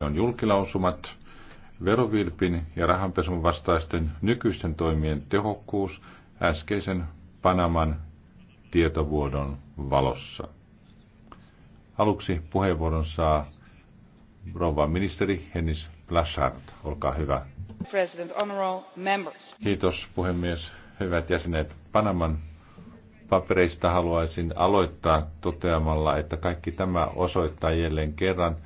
on julkilausumat, verovilpin ja rahanpesun vastaisten nykyisten toimien tehokkuus äskeisen Panaman tietovuodon valossa. Aluksi puheenvuoron saa rouva ministeri Hennis Blaschard. Olkaa hyvä. President, Kiitos puhemies. Hyvät jäsenet, Panaman papereista haluaisin aloittaa toteamalla, että kaikki tämä osoittaa jälleen kerran,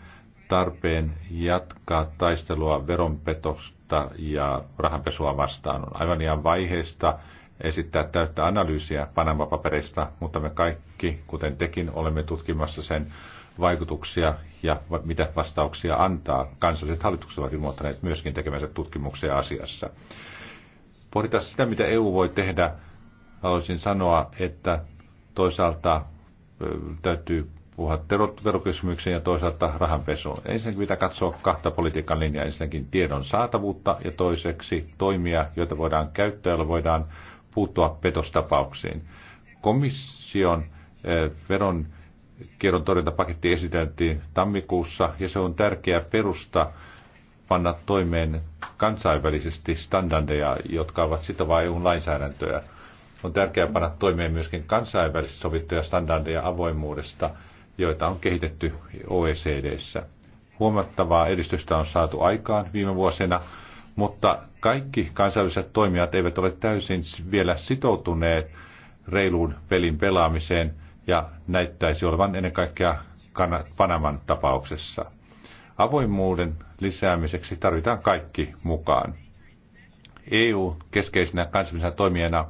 tarpeen jatkaa taistelua veronpetosta ja rahanpesua vastaan. On aivan liian vaiheista esittää täyttä analyysiä Panama-papereista, mutta me kaikki, kuten tekin, olemme tutkimassa sen vaikutuksia ja mitä vastauksia antaa. Kansalliset hallitukset ovat ilmoittaneet myöskin tekemänsä tutkimuksia asiassa. Pohditaan sitä, mitä EU voi tehdä. Haluaisin sanoa, että toisaalta täytyy puhua terokysymyksiin ja toisaalta rahanpesuun. Ensinnäkin pitää katsoa kahta politiikan linjaa. Ensinnäkin tiedon saatavuutta ja toiseksi toimia, joita voidaan käyttää, joilla voidaan puuttua petostapauksiin. Komission eh, veron kierron torjuntapaketti esiteltiin tammikuussa ja se on tärkeä perusta panna toimeen kansainvälisesti standardeja, jotka ovat sitovaa eu lainsäädäntöä. On tärkeää panna toimeen myöskin kansainvälisesti sovittuja standardeja avoimuudesta – joita on kehitetty OECDssä. Huomattavaa edistystä on saatu aikaan viime vuosina, mutta kaikki kansainväliset toimijat eivät ole täysin vielä sitoutuneet reiluun pelin pelaamiseen ja näyttäisi olevan ennen kaikkea Panaman tapauksessa. Avoimuuden lisäämiseksi tarvitaan kaikki mukaan. EU keskeisenä kansallisena toimijana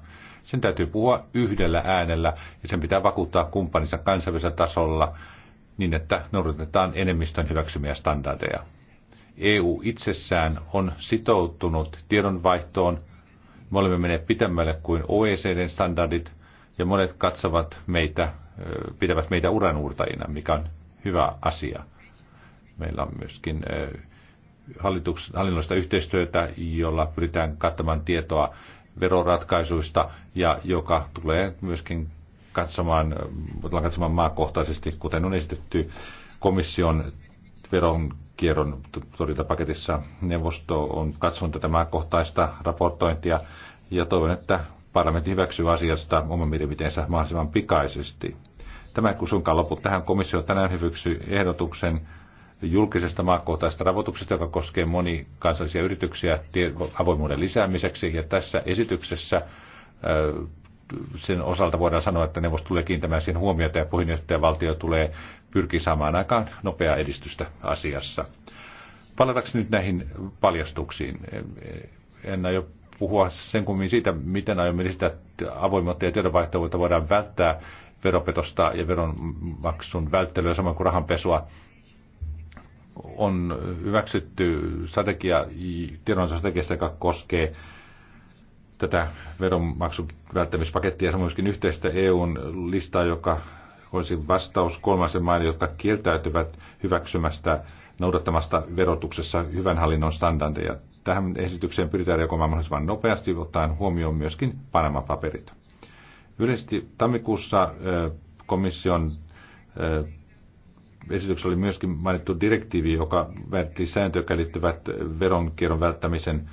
sen täytyy puhua yhdellä äänellä ja sen pitää vakuuttaa kumppaninsa kansainvälisellä tasolla niin, että noudatetaan enemmistön hyväksymiä standardeja. EU itsessään on sitoutunut tiedonvaihtoon. Me olemme menneet pitemmälle kuin OECDn standardit ja monet katsovat meitä, pitävät meitä uranuurtajina, mikä on hyvä asia. Meillä on myöskin hallinnollista yhteistyötä, jolla pyritään kattamaan tietoa veroratkaisuista ja joka tulee myöskin katsomaan, katsomaan maakohtaisesti, kuten on esitetty komission veronkierron torjuntapaketissa. Neuvosto on katsonut tätä maakohtaista raportointia ja toivon, että parlamentti hyväksyy asiasta oman mielipiteensä mahdollisimman pikaisesti. Tämä ei sunkaan lopu tähän. Komissio tänään hyväksyi ehdotuksen julkisesta maakohtaisesta rahoituksesta, joka koskee monikansallisia yrityksiä avoimuuden lisäämiseksi. Ja tässä esityksessä sen osalta voidaan sanoa, että neuvosto tulee kiintämään siihen huomiota ja puheenjohtajavaltio tulee pyrkiä saamaan aikaan nopeaa edistystä asiassa. Palatakseni nyt näihin paljastuksiin. En aio puhua sen kummin siitä, miten aiomme lisätä avoimuutta ja tiedonvaihtoa voidaan välttää veropetosta ja veronmaksun välttelyä samoin kuin rahanpesua on hyväksytty strategia, tiedonsa strategiasta, joka koskee tätä veronmaksun välttämispakettia ja myöskin yhteistä EUn listaa, joka olisi vastaus kolmansien maiden, jotka kieltäytyvät hyväksymästä noudattamasta verotuksessa hyvän hallinnon standardeja. Tähän esitykseen pyritään reagoimaan mahdollisimman nopeasti, ottaen huomioon myöskin Panaman paperit. Yleisesti tammikuussa komission esityksessä oli myöskin mainittu direktiivi, joka määritti sääntöjä, liittyvät veronkierron välttämisen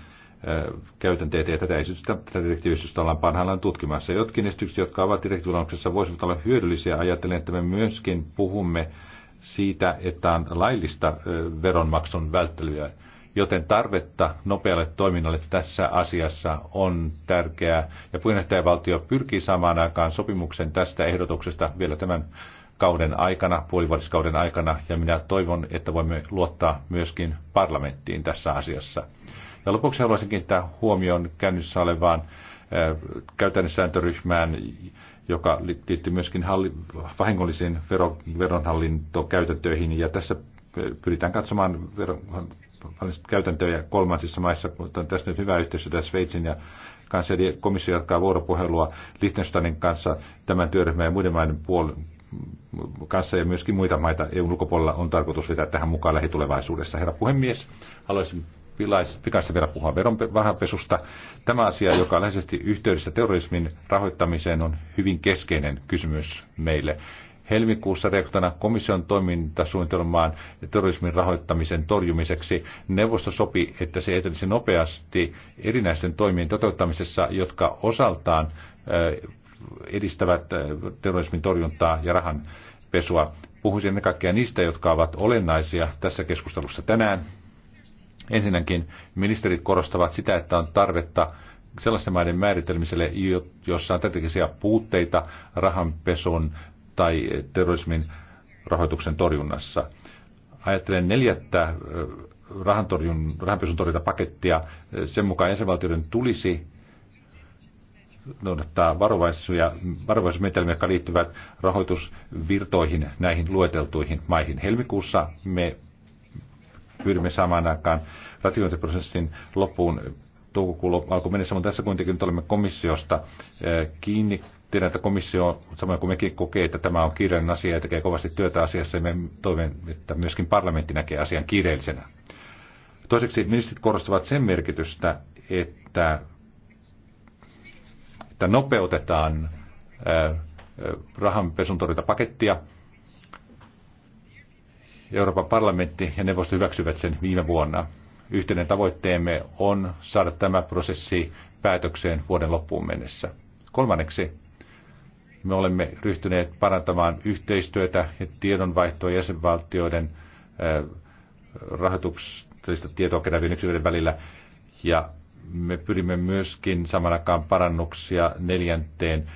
käytänteet, ja tätä esitystä, tätä direktiivistystä ollaan parhaillaan tutkimassa. Jotkin esitykset, jotka ovat direktiivilannuksessa, voisivat olla hyödyllisiä. Ajattelen, että me myöskin puhumme siitä, että on laillista veronmaksun välttelyä, joten tarvetta nopealle toiminnalle tässä asiassa on tärkeää, ja puheenjohtajavaltio pyrkii saamaan aikaan sopimuksen tästä ehdotuksesta vielä tämän kauden aikana, puolivuotiskauden aikana, ja minä toivon, että voimme luottaa myöskin parlamenttiin tässä asiassa. Ja lopuksi haluaisin kiinnittää huomioon käynnissä olevaan käytännössääntöryhmään, joka liittyy myöskin halli, vahingollisiin vero, veronhallintokäytäntöihin. Ja tässä pyritään katsomaan veron, käytäntöjä kolmansissa maissa, mutta on tässä nyt hyvä yhteistyötä Sveitsin ja kanssa. komissio jatkaa vuoropuhelua Liechtensteinin kanssa tämän työryhmän ja muiden maiden puol- kanssa ja myöskin muita maita EUn ulkopuolella on tarkoitus vetää tähän mukaan lähitulevaisuudessa. Herra puhemies, haluaisin pikaisesti vielä puhua veronvahanpesusta. Tämä asia, joka on läheisesti yhteydessä terrorismin rahoittamiseen, on hyvin keskeinen kysymys meille. Helmikuussa reaktona komission toimintasuunnitelmaan terrorismin rahoittamisen torjumiseksi neuvosto sopi, että se etenisi nopeasti erinäisten toimien toteuttamisessa, jotka osaltaan edistävät äh, terrorismin torjuntaa ja rahan pesua. Puhuisin ennen kaikkea niistä, jotka ovat olennaisia tässä keskustelussa tänään. Ensinnäkin ministerit korostavat sitä, että on tarvetta sellaisten maiden määritelmiselle, jossa on strategisia puutteita rahanpesun tai terrorismin rahoituksen torjunnassa. Ajattelen neljättä äh, rahanpesun torjuntapakettia. Sen mukaan jäsenvaltioiden tulisi noudattaa varovaisuja, varovaisuusmenetelmiä, jotka liittyvät rahoitusvirtoihin näihin lueteltuihin maihin. Helmikuussa me pyrimme samaan aikaan ratifiointiprosessin loppuun toukokuun alkuun mennessä, mutta tässä kuitenkin nyt olemme komissiosta eh, kiinni. Tiedän, että komissio, samoin kuin mekin, kokee, että tämä on kiireellinen asia ja tekee kovasti työtä asiassa, ja me toivon, että myöskin parlamentti näkee asian kiireellisenä. Toiseksi ministerit korostavat sen merkitystä, että että nopeutetaan rahanpesun pakettia. Euroopan parlamentti ja neuvosto hyväksyvät sen viime vuonna. Yhteinen tavoitteemme on saada tämä prosessi päätökseen vuoden loppuun mennessä. Kolmanneksi, me olemme ryhtyneet parantamaan yhteistyötä ja tiedonvaihtoa jäsenvaltioiden rahoituksista tietoa kerävien yksilöiden välillä ja me pyrimme myöskin samanakaan parannuksia neljänteen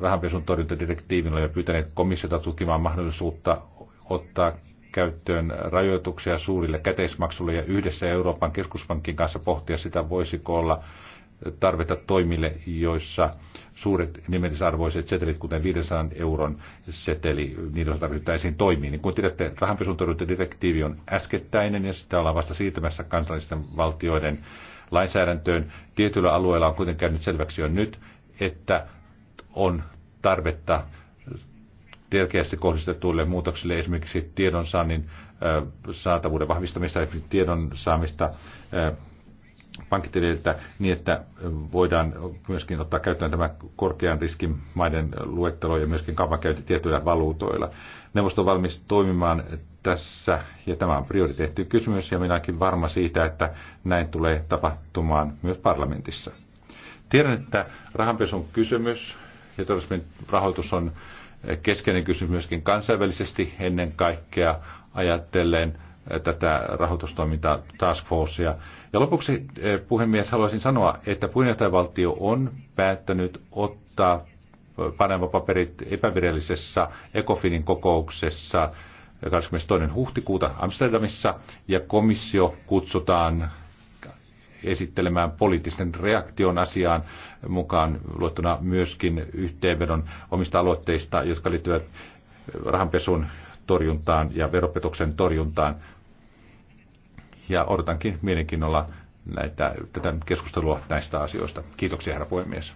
rahanpesun torjuntadirektiivin. Olemme pyytäneet komissiota tutkimaan mahdollisuutta ottaa käyttöön rajoituksia suurille käteismaksulle ja yhdessä Euroopan keskuspankin kanssa pohtia sitä, voisiko olla tarvetta toimille, joissa suuret nimellisarvoiset setelit, kuten 500 euron seteli, niiden osalta ryhtäisiin toimia. Niin kuin tiedätte, rahanpesun torjuntadirektiivi on äskettäinen ja sitä ollaan vasta siirtämässä kansallisten valtioiden lainsäädäntöön. Tietyillä alueilla on kuitenkin käynyt selväksi jo nyt, että on tarvetta selkeästi kohdistetuille muutoksille, esimerkiksi tiedonsaannin saatavuuden vahvistamista, esimerkiksi tiedon saamista pankkitililtä niin, että voidaan myöskin ottaa käyttöön tämä korkean riskin maiden luettelo ja myöskin kaupankäynti tietyillä valuutoilla. Neuvosto on valmis toimimaan tässä, ja tämä on prioriteetti kysymys, ja minäkin varma siitä, että näin tulee tapahtumaan myös parlamentissa. Tiedän, että rahanpesun kysymys ja terrorismin rahoitus on keskeinen kysymys myöskin kansainvälisesti ennen kaikkea ajatellen tätä rahoitustoimintaa Task Forcea. Ja lopuksi, eh, puhemies, haluaisin sanoa, että puheenjohtajavaltio on päättänyt ottaa Panama-paperit epävirallisessa ECOFINin kokouksessa 22. huhtikuuta Amsterdamissa ja komissio kutsutaan esittelemään poliittisen reaktion asiaan mukaan luettuna myöskin yhteenvedon omista aloitteista, jotka liittyvät rahanpesun torjuntaan ja veropetoksen torjuntaan. Ja odotankin mielenkiinnolla näitä, tätä keskustelua näistä asioista. Kiitoksia, herra puhemies.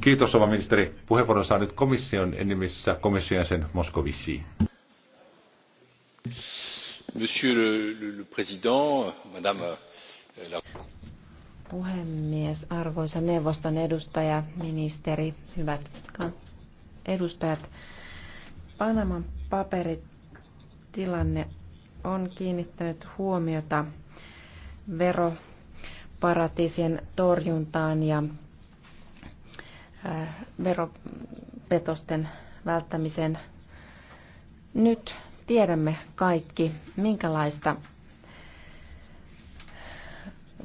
Kiitos, oma ministeri. Puheenvuoron saa nyt komission nimissä komission sen Moskovissi. Monsieur le, le président, madame euh, la... Puhemies, arvoisa neuvoston edustaja, ministeri, hyvät edustajat. Panaman paperitilanne on kiinnittänyt huomiota veroparatiisien torjuntaan ja äh, veropetosten välttämiseen. Nyt tiedämme kaikki, minkälaista,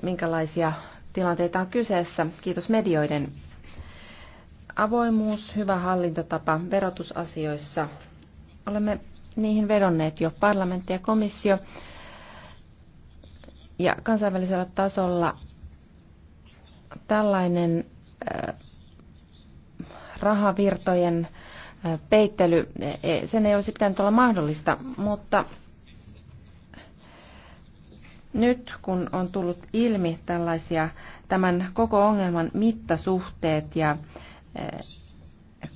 minkälaisia tilanteita on kyseessä. Kiitos medioiden. Avoimuus, hyvä hallintotapa verotusasioissa. Olemme niihin vedonneet jo parlamentti ja komissio ja kansainvälisellä tasolla tällainen äh, rahavirtojen äh, peittely, e, sen ei olisi pitänyt olla mahdollista, mutta nyt kun on tullut ilmi tällaisia tämän koko ongelman mittasuhteet ja e,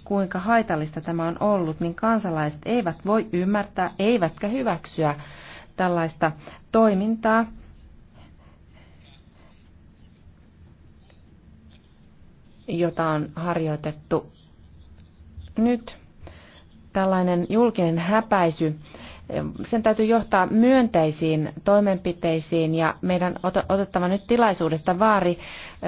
kuinka haitallista tämä on ollut, niin kansalaiset eivät voi ymmärtää eivätkä hyväksyä tällaista toimintaa. jota on harjoitettu. Nyt tällainen julkinen häpäisy, sen täytyy johtaa myönteisiin toimenpiteisiin ja meidän otettava nyt tilaisuudesta vaari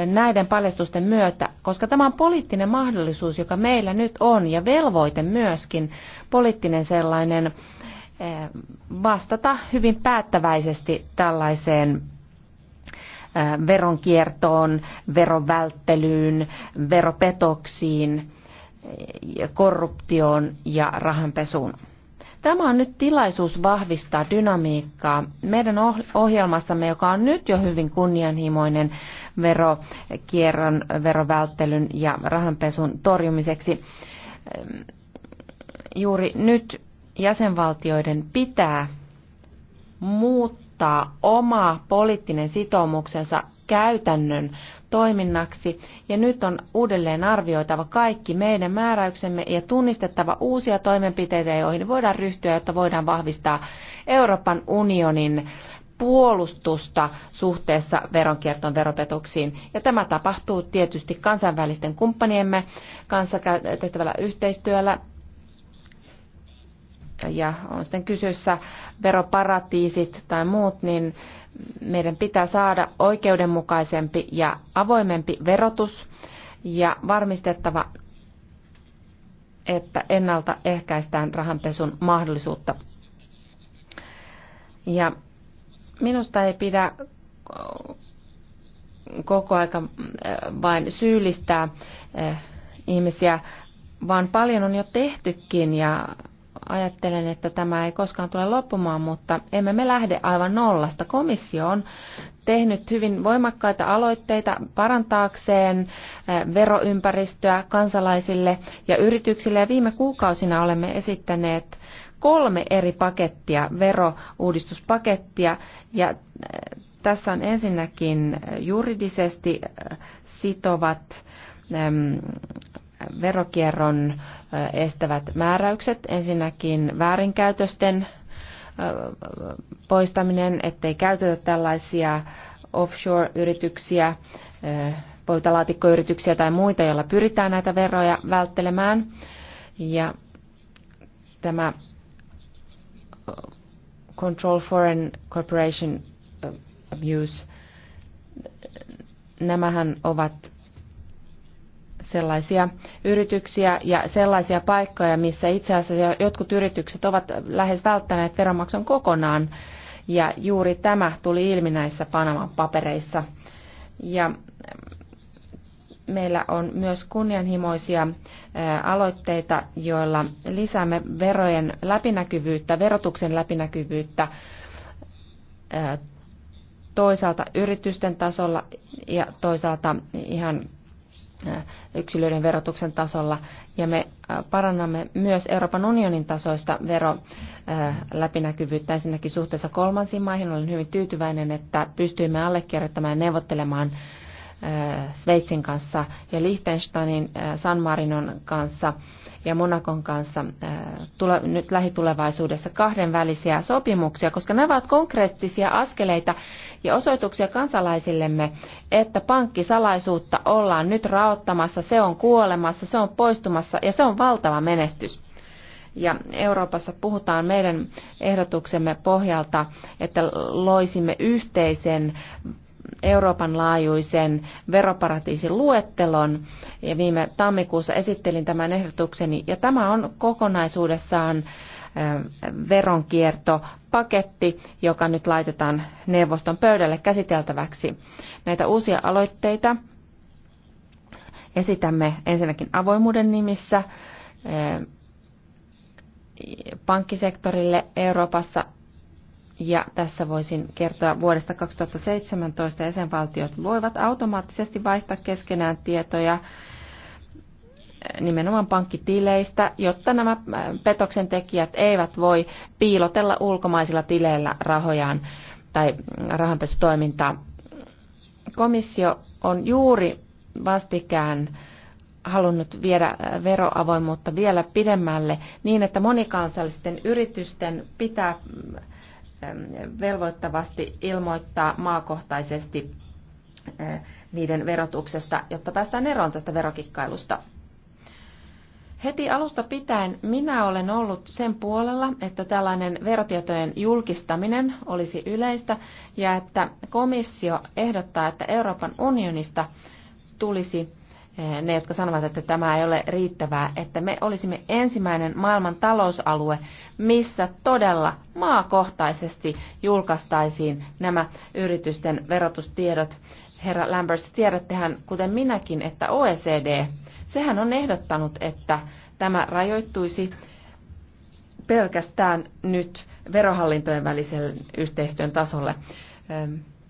näiden paljastusten myötä, koska tämä on poliittinen mahdollisuus, joka meillä nyt on ja velvoite myöskin poliittinen sellainen vastata hyvin päättäväisesti tällaiseen veronkiertoon, verovälttelyyn, veropetoksiin, korruptioon ja rahanpesuun. Tämä on nyt tilaisuus vahvistaa dynamiikkaa. Meidän oh-, ohjelmassamme, joka on nyt jo hyvin kunnianhimoinen verokierron, verovälttelyn ja rahanpesun torjumiseksi, juuri nyt jäsenvaltioiden pitää muuttaa muuttaa oma poliittinen sitoumuksensa käytännön toiminnaksi ja nyt on uudelleen arvioitava kaikki meidän määräyksemme ja tunnistettava uusia toimenpiteitä, joihin voidaan ryhtyä, jotta voidaan vahvistaa Euroopan unionin puolustusta suhteessa veronkiertoon veropetuksiin. Ja tämä tapahtuu tietysti kansainvälisten kumppaniemme kanssa tehtävällä yhteistyöllä ja on sitten kyseessä veroparatiisit tai muut, niin meidän pitää saada oikeudenmukaisempi ja avoimempi verotus ja varmistettava, että ennaltaehkäistään rahanpesun mahdollisuutta. Ja minusta ei pidä koko aika äh, vain syyllistää äh, ihmisiä, vaan paljon on jo tehtykin ja ajattelen, että tämä ei koskaan tule loppumaan, mutta emme me lähde aivan nollasta. Komissio on tehnyt hyvin voimakkaita aloitteita parantaakseen eh, veroympäristöä kansalaisille ja yrityksille. Ja viime kuukausina olemme esittäneet kolme eri pakettia, verouudistuspakettia. Ja eh, tässä on ensinnäkin juridisesti eh, sitovat ehm, verokierron estävät määräykset. Ensinnäkin väärinkäytösten poistaminen, ettei käytetä tällaisia offshore-yrityksiä, pöytälaatikkoyrityksiä tai muita, joilla pyritään näitä veroja välttelemään. Ja tämä Control Foreign Corporation Abuse, nämähän ovat sellaisia yrityksiä ja sellaisia paikkoja, missä itse asiassa jotkut yritykset ovat lähes välttäneet veronmaksun kokonaan. Ja juuri tämä tuli ilmi näissä Panaman papereissa. Ja mm, meillä on myös kunnianhimoisia aloitteita, joilla lisäämme verojen läpinäkyvyyttä, verotuksen läpinäkyvyyttä toisaalta yritysten tasolla ja toisaalta ihan Äh, yksilöiden verotuksen tasolla. Ja me äh, parannamme myös Euroopan unionin tasoista vero äh, läpinäkyvyyttä. ensinnäkin suhteessa kolmansiin maihin. Olen hyvin tyytyväinen, että pystyimme allekirjoittamaan ja neuvottelemaan Sveitsin kanssa ja Liechtensteinin, San Marinon kanssa ja Monakon kanssa tule, nyt lähitulevaisuudessa kahdenvälisiä sopimuksia, koska nämä ovat konkreettisia askeleita ja osoituksia kansalaisillemme, että pankkisalaisuutta ollaan nyt raottamassa, se on kuolemassa, se on poistumassa ja se on valtava menestys ja Euroopassa puhutaan meidän ehdotuksemme pohjalta, että loisimme yhteisen Euroopan laajuisen veroparatiisin luettelon ja viime tammikuussa esittelin tämän ehdotukseni ja tämä on kokonaisuudessaan veronkiertopaketti, joka nyt laitetaan neuvoston pöydälle käsiteltäväksi. Näitä uusia aloitteita esitämme ensinnäkin avoimuuden nimissä pankkisektorille Euroopassa ja tässä voisin kertoa vuodesta 2017 jäsenvaltiot voivat automaattisesti vaihtaa keskenään tietoja nimenomaan pankkitileistä, jotta nämä äh, petoksen tekijät eivät voi piilotella ulkomaisilla tileillä rahojaan tai rahanpesutoimintaa. Komissio on juuri vastikään halunnut viedä äh, veroavoimuutta vielä pidemmälle niin, että monikansallisten yritysten pitää mm, Ähm, velvoittavasti ilmoittaa maakohtaisesti äh, niiden verotuksesta, jotta päästään eroon tästä verokikkailusta. Heti alusta pitäen minä olen ollut sen puolella, että tällainen verotietojen julkistaminen olisi yleistä ja että komissio ehdottaa, että Euroopan unionista tulisi Eh, ne, jotka sanovat, että tämä ei ole riittävää, että me olisimme ensimmäinen maailman talousalue, missä todella maakohtaisesti julkaistaisiin nämä yritysten verotustiedot. Herra Lambers, tiedättehän, kuten minäkin, että OECD, sehän on ehdottanut, että tämä rajoittuisi pelkästään nyt verohallintojen välisen yhteistyön tasolle.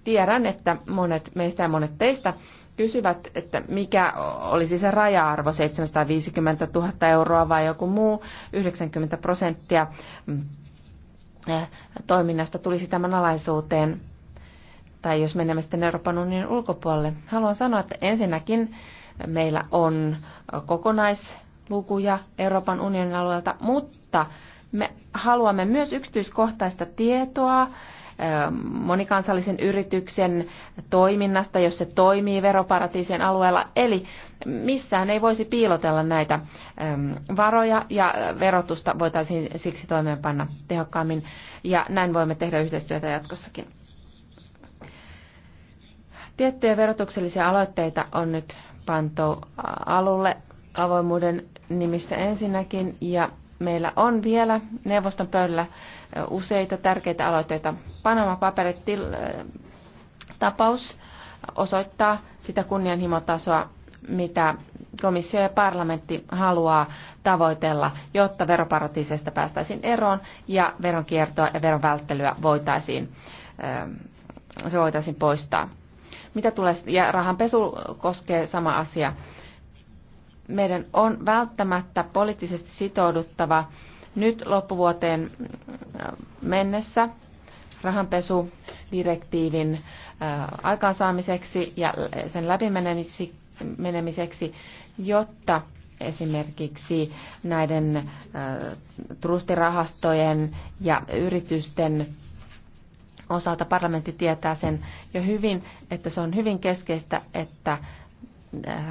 Tiedän, että monet meistä ja monet teistä kysyvät, että mikä olisi se raja-arvo, 750 000 euroa vai joku muu, 90 prosenttia mm, eh, toiminnasta tulisi tämän alaisuuteen, tai jos menemme sitten Euroopan unionin ulkopuolelle. Haluan sanoa, että ensinnäkin meillä on kokonaislukuja Euroopan unionin alueelta, mutta me haluamme myös yksityiskohtaista tietoa monikansallisen yrityksen toiminnasta, jos se toimii veroparatiisien alueella. Eli missään ei voisi piilotella näitä ähm, varoja ja verotusta voitaisiin siksi toimeenpanna tehokkaammin ja näin voimme tehdä yhteistyötä jatkossakin. Tiettyjä verotuksellisia aloitteita on nyt pantu alulle avoimuuden nimistä ensinnäkin ja meillä on vielä neuvoston pöydällä useita tärkeitä aloitteita. Panama-paperit tapaus osoittaa sitä kunnianhimotasoa, mitä komissio ja parlamentti haluaa tavoitella, jotta veroparatiiseista päästäisiin eroon ja veronkiertoa ja veronvälttelyä voitaisiin, ähm, se voitaisiin poistaa. Mitä tulee, ja rahanpesu koskee sama asia. Meidän on välttämättä poliittisesti sitouduttava nyt loppuvuoteen äh, mennessä rahanpesudirektiivin äh, aikaansaamiseksi ja sen läpimenemiseksi, jotta esimerkiksi näiden äh, trustirahastojen ja yritysten osalta parlamentti tietää sen jo hyvin, että se on hyvin keskeistä, että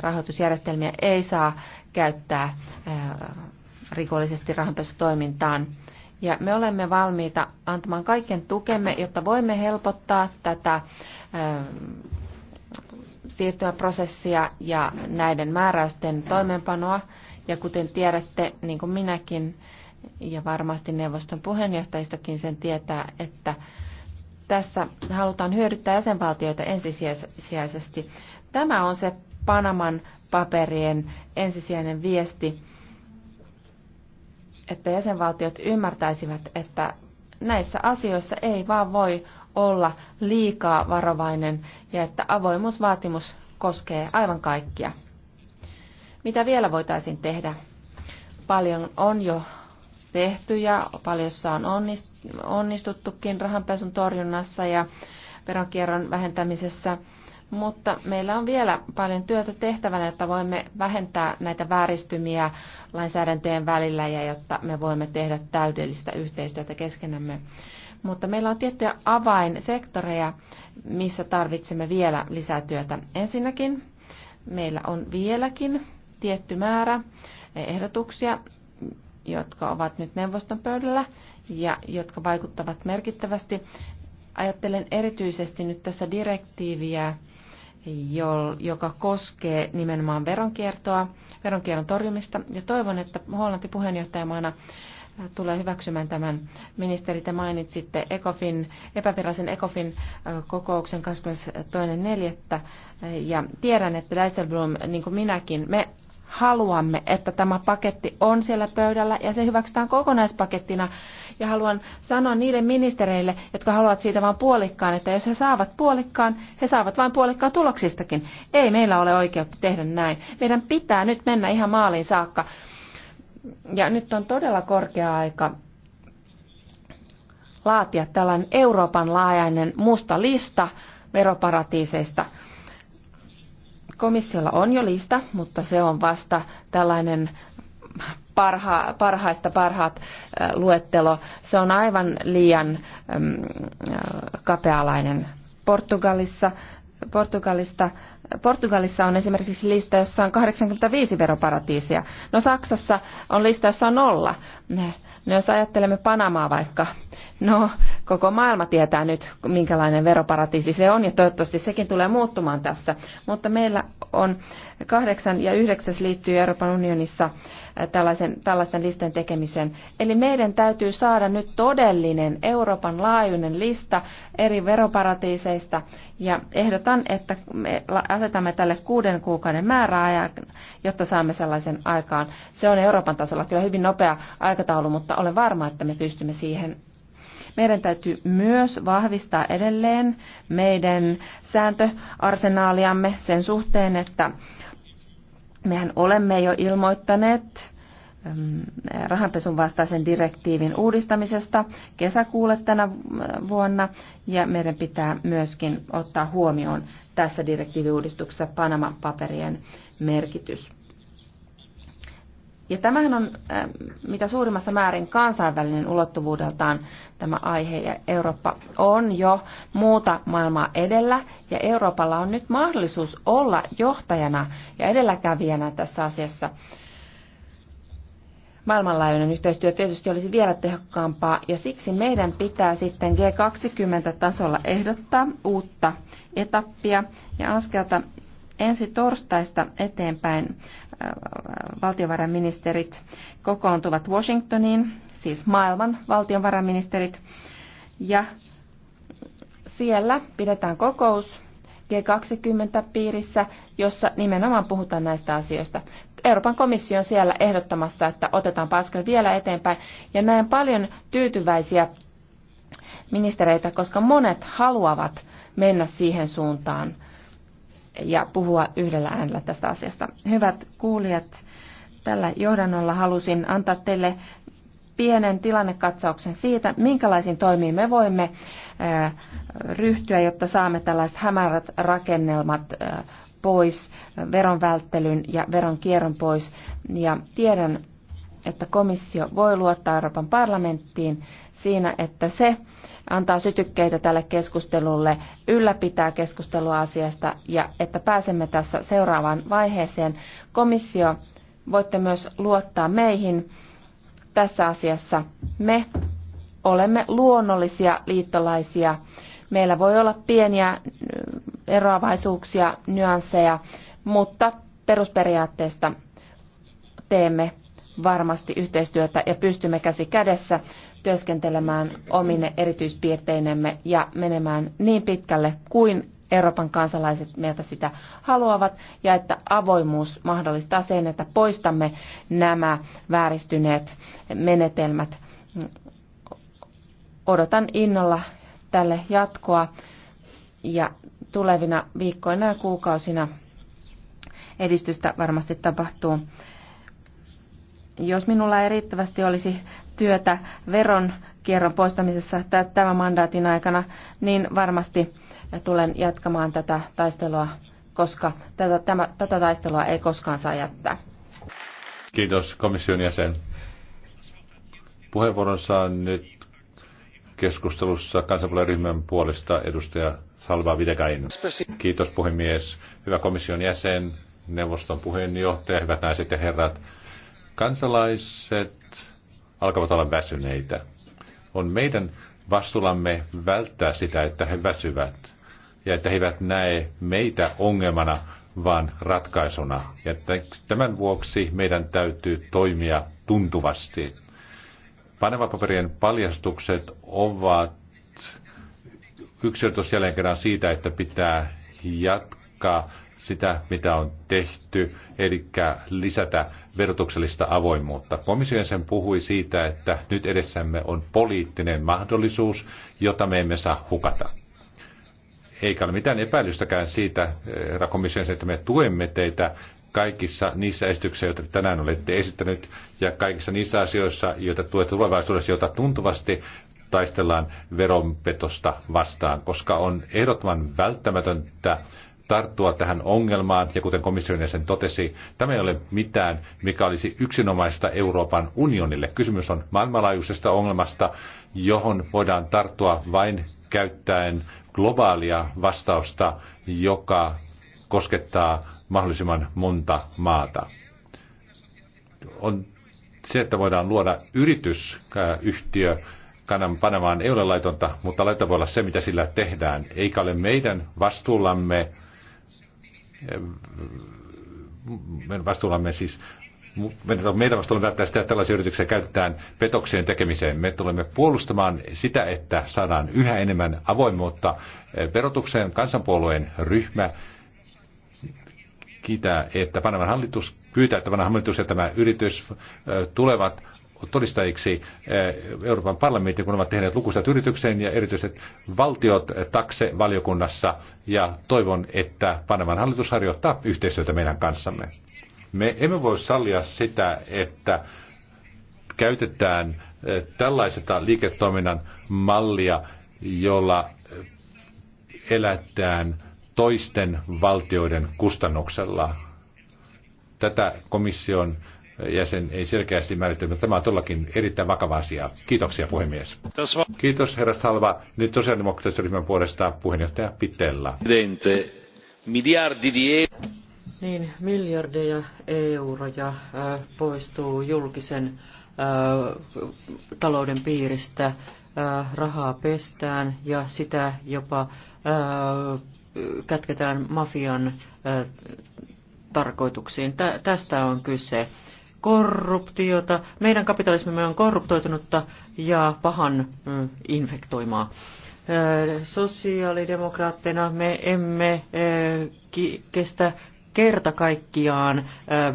rahoitusjärjestelmiä ei saa käyttää rikollisesti rahanpesutoimintaan. Ja me olemme valmiita antamaan kaiken tukemme, jotta voimme helpottaa tätä siirtymäprosessia ja näiden määräysten toimeenpanoa. Ja kuten tiedätte, niin kuin minäkin ja varmasti neuvoston puheenjohtajistokin sen tietää, että tässä halutaan hyödyttää jäsenvaltioita ensisijaisesti. Tämä on se Panaman paperien ensisijainen viesti että jäsenvaltiot ymmärtäisivät, että näissä asioissa ei vaan voi olla liikaa varovainen ja että avoimuusvaatimus koskee aivan kaikkia. Mitä vielä voitaisiin tehdä? Paljon on jo tehty ja paljossa on onnistuttukin rahanpesun torjunnassa ja veronkierron vähentämisessä – mutta meillä on vielä paljon työtä tehtävänä, jotta voimme vähentää näitä vääristymiä lainsäädäntöjen välillä ja jotta me voimme tehdä täydellistä yhteistyötä keskenämme. Mutta meillä on tiettyjä avainsektoreja, missä tarvitsemme vielä lisää työtä. Ensinnäkin meillä on vieläkin tietty määrä ehdotuksia, jotka ovat nyt neuvoston pöydällä ja jotka vaikuttavat merkittävästi ajattelen erityisesti nyt tässä direktiiviä joka koskee nimenomaan veronkiertoa, veronkierron torjumista. Ja toivon, että Hollanti puheenjohtajamaana äh, tulee hyväksymään tämän. Ministeri, te mainitsitte ECOFIN, epävirallisen ECOFIN äh, kokouksen 22.4. Äh, ja tiedän, että Dijsselbloem, niin kuin minäkin, me haluamme, että tämä paketti on siellä pöydällä ja se hyväksytään kokonaispakettina. Ja haluan sanoa niille ministereille, jotka haluavat siitä vain puolikkaan, että jos he saavat puolikkaan, he saavat vain puolikkaan tuloksistakin. Ei meillä ole oikeutta tehdä näin. Meidän pitää nyt mennä ihan maaliin saakka. Ja nyt on todella korkea aika laatia tällainen Euroopan laajainen musta lista veroparatiiseista – Komissiolla on jo lista, mutta se on vasta tällainen parha, parhaista parhaat luettelo. Se on aivan liian äm, mm, kapealainen. Portugalissa, Portugalista Portugalissa on esimerkiksi lista, jossa on 85 veroparatiisia. No Saksassa on lista, jossa on nolla. No jos ajattelemme Panamaa vaikka, no koko maailma tietää nyt, minkälainen veroparatiisi se on, ja toivottavasti sekin tulee muuttumaan tässä. Mutta meillä on kahdeksan ja yhdeksäs liittyy Euroopan unionissa tällaisen, tällaisten listen tekemiseen. Eli meidän täytyy saada nyt todellinen Euroopan laajuinen lista eri veroparatiiseista, ja ehdotan, että me asetamme tälle kuuden kuukauden määräajan, jotta saamme sellaisen aikaan. Se on Euroopan tasolla kyllä hyvin nopea aikataulu, mutta olen varma, että me pystymme siihen. Meidän täytyy myös vahvistaa edelleen meidän sääntöarsenaaliamme sen suhteen, että mehän olemme jo ilmoittaneet rahanpesun vastaisen direktiivin uudistamisesta kesäkuulle tänä vuonna ja meidän pitää myöskin ottaa huomioon tässä direktiiviuudistuksessa Panama-paperien merkitys. Ja tämähän on mitä suurimmassa määrin kansainvälinen ulottuvuudeltaan tämä aihe ja Eurooppa on jo muuta maailmaa edellä ja Euroopalla on nyt mahdollisuus olla johtajana ja edelläkävijänä tässä asiassa. Maailmanlaajuinen yhteistyö tietysti olisi vielä tehokkaampaa ja siksi meidän pitää sitten G20-tasolla ehdottaa uutta etappia ja askelta ensi torstaista eteenpäin äh, valtiovarainministerit kokoontuvat Washingtoniin, siis maailman valtiovarainministerit, ja siellä pidetään kokous G20-piirissä, jossa nimenomaan puhutaan näistä asioista. Euroopan komissio on siellä ehdottamassa, että otetaan paskel vielä eteenpäin. Ja näen paljon tyytyväisiä ministereitä, koska monet haluavat mennä siihen suuntaan ja puhua yhdellä äänellä tästä asiasta. Hyvät kuulijat, tällä johdannolla halusin antaa teille pienen tilannekatsauksen siitä, minkälaisiin toimiin me voimme Eh, ryhtyä, jotta saamme tällaiset hämärät rakennelmat eh, pois, eh, veronvälttelyn ja kierron pois. Ja tiedän, että komissio voi luottaa Euroopan parlamenttiin siinä, että se antaa sytykkeitä tälle keskustelulle, ylläpitää keskustelua asiasta ja että pääsemme tässä seuraavaan vaiheeseen. Komissio, voitte myös luottaa meihin tässä asiassa. Me olemme luonnollisia liittolaisia. Meillä voi olla pieniä eroavaisuuksia, nyansseja, mutta perusperiaatteesta teemme varmasti yhteistyötä ja pystymme käsi kädessä työskentelemään omine erityispiirteinemme ja menemään niin pitkälle kuin Euroopan kansalaiset meiltä sitä haluavat ja että avoimuus mahdollistaa sen, että poistamme nämä vääristyneet menetelmät Odotan innolla tälle jatkoa ja tulevina viikkoina ja kuukausina edistystä varmasti tapahtuu. Jos minulla ei riittävästi olisi työtä veron kierron poistamisessa tämän mandaatin aikana, niin varmasti tulen jatkamaan tätä taistelua, koska tätä, tämä, tätä taistelua ei koskaan saa jättää. Kiitos komission jäsen. Puheenvuoron saa nyt keskustelussa kansanpuolueen puolesta edustaja Salva Videkain. Kiitos puhemies, hyvä komission jäsen, neuvoston puheenjohtaja, hyvät naiset ja herrat. Kansalaiset alkavat olla väsyneitä. On meidän vastuullamme välttää sitä, että he väsyvät ja että he eivät näe meitä ongelmana, vaan ratkaisuna. Ja tämän vuoksi meidän täytyy toimia tuntuvasti Panama-paperien paljastukset ovat yksi jälleen kerran siitä, että pitää jatkaa sitä, mitä on tehty, eli lisätä verotuksellista avoimuutta. Komissio sen puhui siitä, että nyt edessämme on poliittinen mahdollisuus, jota me emme saa hukata. Eikä ole mitään epäilystäkään siitä, eh, herra komission, että me tuemme teitä kaikissa niissä esityksissä, joita tänään olette esittänyt, ja kaikissa niissä asioissa, joita tuet tulevaisuudessa, joita tuntuvasti taistellaan veronpetosta vastaan, koska on ehdottoman välttämätöntä tarttua tähän ongelmaan, ja kuten komission sen totesi, tämä ei ole mitään, mikä olisi yksinomaista Euroopan unionille. Kysymys on maailmanlaajuisesta ongelmasta, johon voidaan tarttua vain käyttäen globaalia vastausta, joka koskettaa mahdollisimman monta maata. On se, että voidaan luoda yritys, yhtiö, Panamaan ei ole laitonta, mutta laita voi olla se, mitä sillä tehdään. Eikä ole meidän vastuullamme, vastuullamme siis meidän vastuullamme välttää sitä, että tällaisia yrityksiä käytetään petokseen tekemiseen. Me tulemme puolustamaan sitä, että saadaan yhä enemmän avoimuutta. Eh, verotukseen kansanpuolueen ryhmä Kiitä, että Panaman hallitus pyytää, että Panaman hallitus ja tämä yritys tulevat todistajiksi Euroopan parlamentti, kun ovat tehneet lukuisat yritykseen ja erityiset valtiot takse-valiokunnassa. Ja toivon, että Panaman hallitus harjoittaa yhteistyötä meidän kanssamme. Me emme voi sallia sitä, että käytetään tällaisesta liiketoiminnan mallia, jolla elätään toisten valtioiden kustannuksella. Tätä komission jäsen ei selkeästi määritellyt. Tämä on todellakin erittäin vakava asia. Kiitoksia puhemies. Kiitos herra Salva. Nyt sosiaalidemokraattisen ryhmän puolesta puheenjohtaja Pitella. Niin, miljardeja euroja äh, poistuu julkisen äh, talouden piiristä. Äh, rahaa pestään ja sitä jopa kätketään mafian tarkoituksiin. Tästä on kyse. Korruptiota. Meidän kapitalismimme on korruptoitunutta ja pahan infektoimaa. Sosiaalidemokraatteina me emme kestä kerta kaikkiaan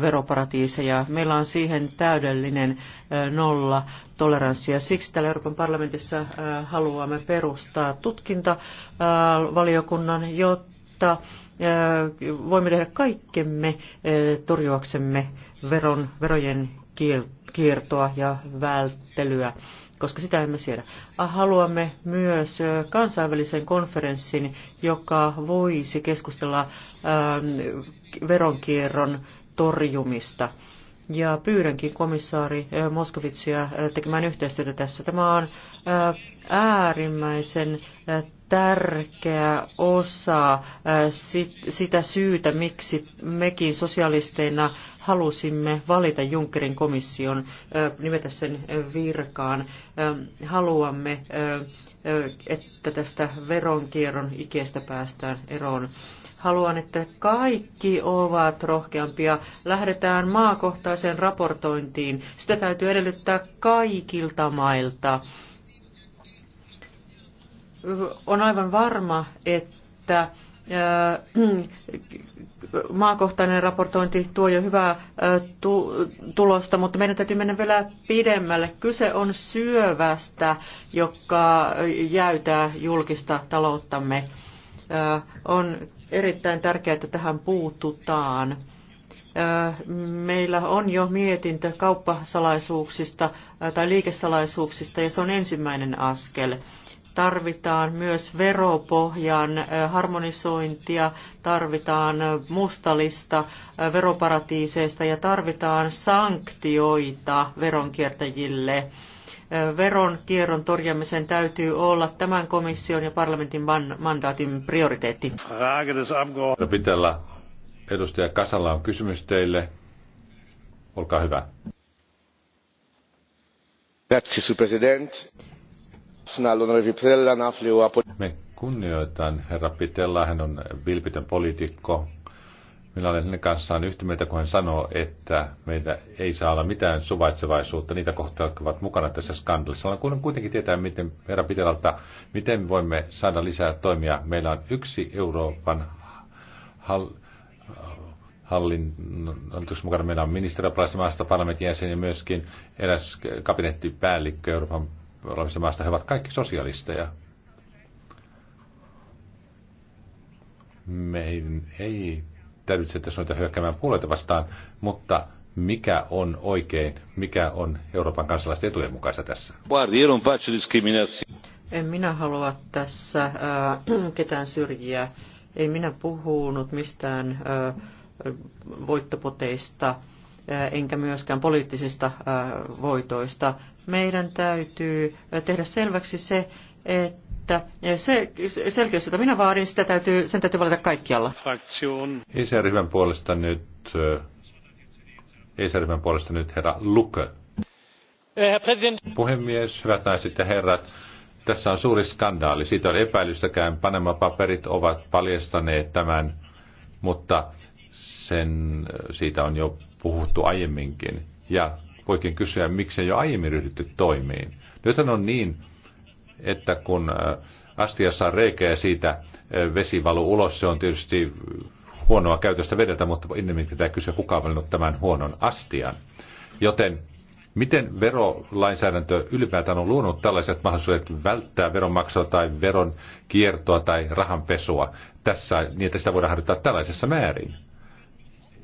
veroparatiiseja. Meillä on siihen täydellinen nolla ja Siksi täällä Euroopan parlamentissa haluamme perustaa tutkintavaliokunnan, jotta voimme tehdä kaikkemme torjuaksemme veron, verojen kiertoa ja välttelyä koska sitä emme siedä. Ah, haluamme myös kansainvälisen konferenssin, joka voisi keskustella ähm, veronkierron torjumista. Ja pyydänkin komissaari Moskovitsia tekemään yhteistyötä tässä. Tämä on äärimmäisen tärkeä osa äh, sitä syytä, miksi mekin sosialisteina halusimme valita Junckerin komission, äh, nimetä sen virkaan. Ähm, haluamme, äh, että tästä veronkierron ikeestä päästään eroon. Haluan, että kaikki ovat rohkeampia. Lähdetään maakohtaiseen raportointiin. Sitä täytyy edellyttää kaikilta mailta on aivan varma, että äh, maakohtainen raportointi tuo jo hyvää äh, tulosta, mutta meidän täytyy mennä vielä pidemmälle. Kyse on syövästä, joka jäytää julkista talouttamme. Äh, on erittäin tärkeää, että tähän puututaan. Meillä on jo mietintö kauppasalaisuuksista tai liikesalaisuuksista ja se on ensimmäinen askel tarvitaan myös veropohjan harmonisointia, tarvitaan mustalista veroparatiiseista ja tarvitaan sanktioita veronkiertäjille. Veronkierron torjamisen täytyy olla tämän komission ja parlamentin mandaatin prioriteetti. Pitellä edustaja Kasalla on kysymys teille. Olkaa hyvä. Grazie, Presidente. Me kunnioitan herra Pitella, hän on vilpitön poliitikko. Minä olen hänen kanssaan yhtä mieltä, kun hän sanoo, että meitä ei saa olla mitään suvaitsevaisuutta niitä kohtaa, jotka ovat mukana tässä skandalissa. Haluan kuitenkin tietää, miten, herra Pitellalta, miten voimme saada lisää toimia. Meillä on yksi Euroopan hall, hallitus mukana. Meillä on ministeri maasta parlamentin jäsen ja myöskin eräs kabinettipäällikkö Euroopan olevista maasta, he ovat kaikki sosialisteja. Meidän ei täytyy tässä noita hyökkäämään puolueita vastaan, mutta mikä on oikein, mikä on Euroopan kansalaisten etujen mukaista tässä? En minä halua tässä äh, ketään syrjiä. Ei minä puhunut mistään äh, voittopoteista Eh, enkä myöskään poliittisista eh, voitoista. Meidän täytyy eh, tehdä selväksi se, että se selkeys, jota minä vaadin, sitä täytyy, sen täytyy valita kaikkialla. Isäryhmän puolesta nyt, isäryhmän puolesta nyt herra Luke. Puhemies, hyvät naiset ja herrat, tässä on suuri skandaali. Siitä on epäilystäkään. Panama-paperit ovat paljastaneet tämän, mutta sen, siitä on jo puhuttu aiemminkin. Ja voikin kysyä, miksi ei jo aiemmin ryhdytty toimiin. Nythän on niin, että kun astiassa on reikä ja siitä vesi valuu ulos, se on tietysti huonoa käytöstä vedetä, mutta ennemmin pitää kysyä, kuka on valinnut tämän huonon astian. Joten miten verolainsäädäntö ylipäätään on luonut tällaiset mahdollisuudet välttää veronmaksua tai veron kiertoa tai rahanpesua tässä, niin että sitä voidaan harjoittaa tällaisessa määrin?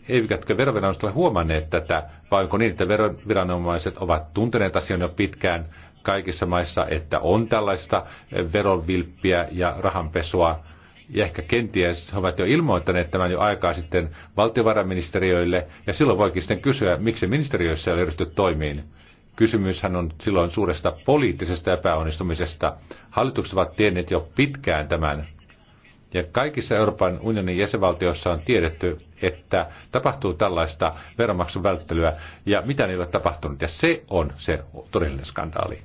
eivätkö veroviranomaiset ole huomanneet tätä, vai onko niin, että veroviranomaiset ovat tunteneet asian jo pitkään kaikissa maissa, että on tällaista verovilppiä ja rahanpesua, ja ehkä kenties he ovat jo ilmoittaneet tämän jo aikaa sitten valtiovarainministeriöille, ja silloin voikin sitten kysyä, miksi ministeriöissä ei ole ryhty toimiin. Kysymyshän on silloin suuresta poliittisesta epäonnistumisesta. Hallitukset ovat tienneet jo pitkään tämän, ja kaikissa Euroopan unionin jäsenvaltioissa on tiedetty, että tapahtuu tällaista veronmaksun välttelyä ja mitä niillä on tapahtunut. Ja se on se todellinen skandaali.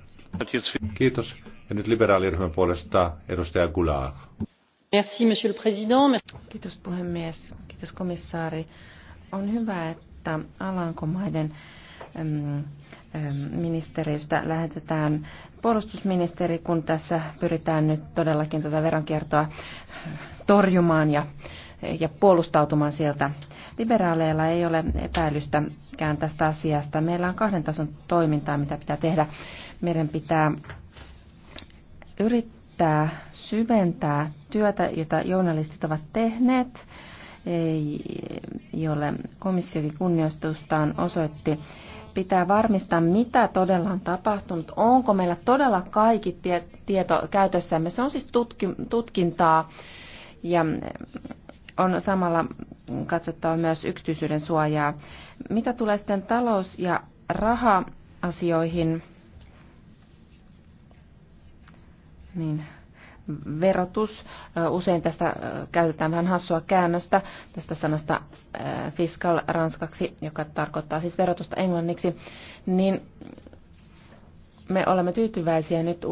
Kiitos. Ja nyt liberaaliryhmän puolesta edustaja Goulard. Merci, monsieur le président. Kiitos puhemies. Kiitos komissaari. On hyvä, että Alankomaiden ministeristä lähetetään puolustusministeri, kun tässä pyritään nyt todellakin tätä veronkiertoa torjumaan ja ja puolustautumaan sieltä. Liberaaleilla ei ole epäilystäkään tästä asiasta. Meillä on kahden tason toimintaa, mitä pitää tehdä. Meidän pitää yrittää syventää työtä, jota journalistit ovat tehneet, jolle komissiokin kunnioistustaan osoitti pitää varmistaa, mitä todella on tapahtunut. Onko meillä todella kaikki tieto käytössämme? Se on siis tutkintaa ja on samalla katsottava myös yksityisyyden suojaa. Mitä tulee sitten talous- ja raha-asioihin, niin verotus. Usein tästä käytetään vähän hassua käännöstä tästä sanasta fiscal ranskaksi, joka tarkoittaa siis verotusta englanniksi, niin me olemme tyytyväisiä nyt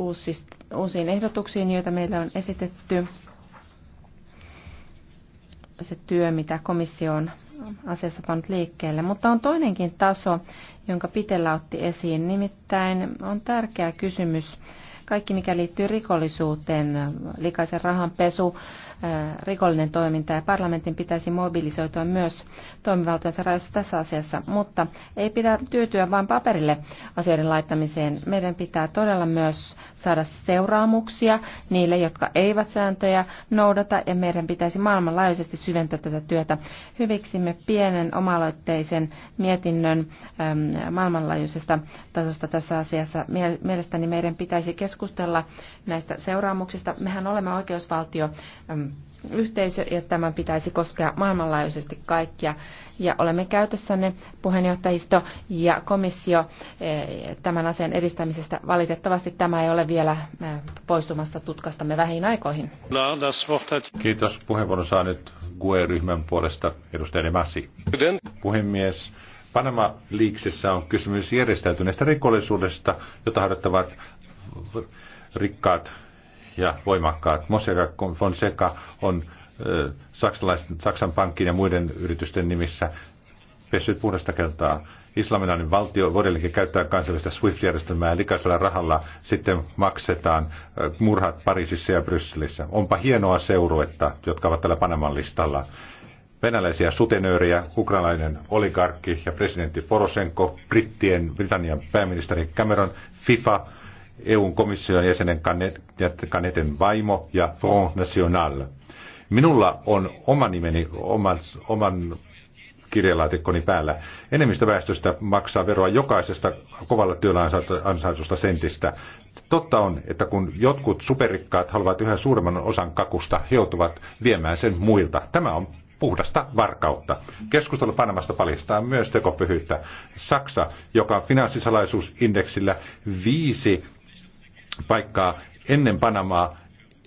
uusiin ehdotuksiin, joita meillä on esitetty se työ, mitä komissio on asiassa pannut liikkeelle. Mutta on toinenkin taso, jonka Pitellä otti esiin. Nimittäin on tärkeä kysymys kaikki, mikä liittyy rikollisuuteen, likaisen rahan pesu, äh, rikollinen toiminta ja parlamentin pitäisi mobilisoitua myös toimivaltuutensa rajoissa tässä asiassa, mutta ei pidä tyytyä vain paperille asioiden laittamiseen. Meidän pitää todella myös saada seuraamuksia niille, jotka eivät sääntöjä noudata ja meidän pitäisi maailmanlaajuisesti syventää tätä työtä. Hyviksimme pienen omaloitteisen mietinnön ähm, maailmanlaajuisesta tasosta tässä asiassa. Mielestäni meidän pitäisi keskustella keskustella näistä seuraamuksista. Mehän olemme oikeusvaltio yhteisö ja tämän pitäisi koskea maailmanlaajuisesti kaikkia. Ja olemme käytössänne puheenjohtajisto ja komissio tämän asian edistämisestä. Valitettavasti tämä ei ole vielä poistumasta tutkastamme vähin aikoihin. No, Kiitos. Puheenvuoron saa nyt GUE-ryhmän puolesta edustaja Massi. Puhemies, Panama liiksessä on kysymys järjestäytyneestä rikollisuudesta, jota harjoittavat rikkaat ja voimakkaat. Moseka Fonseca on Saksan pankin ja muiden yritysten nimissä pessyt puhdasta kertaa. Islamilainen valtio voidellekin käyttää kansallista SWIFT-järjestelmää likaisella rahalla sitten maksetaan murhat Pariisissa ja Brysselissä. Onpa hienoa seuruetta, jotka ovat tällä Panaman listalla. Venäläisiä sutenööriä, ukrainalainen oligarkki ja presidentti Porosenko, brittien, Britannian pääministeri Cameron, FIFA, EUn komission jäsenen Kaneten vaimo ja Front National. Minulla on oma nimeni, oman, oman kirjelaatikkoni päällä. Enemmistö väestöstä maksaa veroa jokaisesta kovalla työllä ansaitusta sentistä. Totta on, että kun jotkut superrikkaat haluavat yhä suuremman osan kakusta, he joutuvat viemään sen muilta. Tämä on puhdasta varkautta. Keskustelu Panamasta paljastaa myös tekopyhyyttä. Saksa, joka on finanssisalaisuusindeksillä viisi paikkaa ennen Panamaa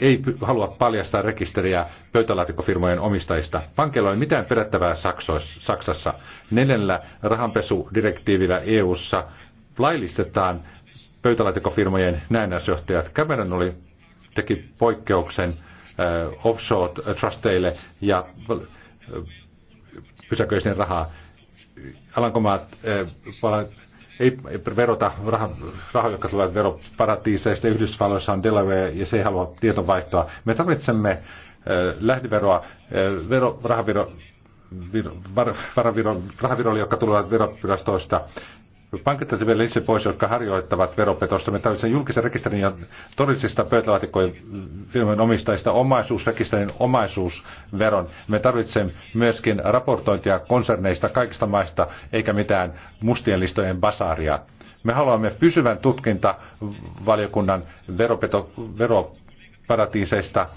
ei halua paljastaa rekisteriä pöytälaatikkofirmojen omistajista. Pankeilla ei mitään perättävää Saksassa. Neljällä rahanpesudirektiivillä EU:ssa laillistetaan pöytälaatikkofirmojen näennäisjohtajat. Cameron oli, teki poikkeuksen äh, offshore-trusteille ja äh, pysäköisten rahaa. Alankomaat äh, ei verota rahan, rahoja, jotka tulevat veroparatiiseista. Yhdysvalloissa on Delaware ja se ei halua tietovaihtoa. Me tarvitsemme äh, lähdeveroa, äh, vero, rahaviro, viro, var, rahavirolle, jotka tulevat verovirastoista. Pankit vielä itse pois, jotka harjoittavat veropetosta. Me tarvitsemme julkisen rekisterin ja todellisista pöytälaatikkojen firmojen omistajista omaisuusrekisterin omaisuusveron. Me tarvitsemme myöskin raportointia konserneista kaikista maista, eikä mitään mustien listojen basaaria. Me haluamme pysyvän tutkintavaliokunnan veropeto, veroparatiiseista.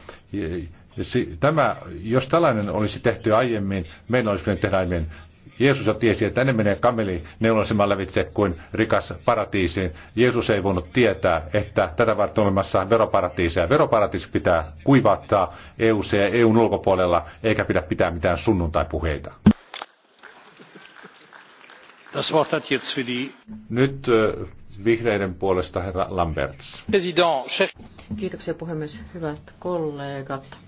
Tämä, jos tällainen olisi tehty aiemmin, meillä olisi tehdä aiemmin. Jeesus jo tiesi, että ne menee kameli neulasemaan lävitse kuin rikas paratiisiin. Jeesus ei voinut tietää, että tätä varten olemassa veroparatiiseja. Veroparatiisi pitää kuivattaa EU ja EUn ulkopuolella, eikä pidä pitää mitään sunnuntai-puheita. Nyt vihreiden puolesta herra Lamberts. Kiitoksia puhemies. Hyvät kollegat.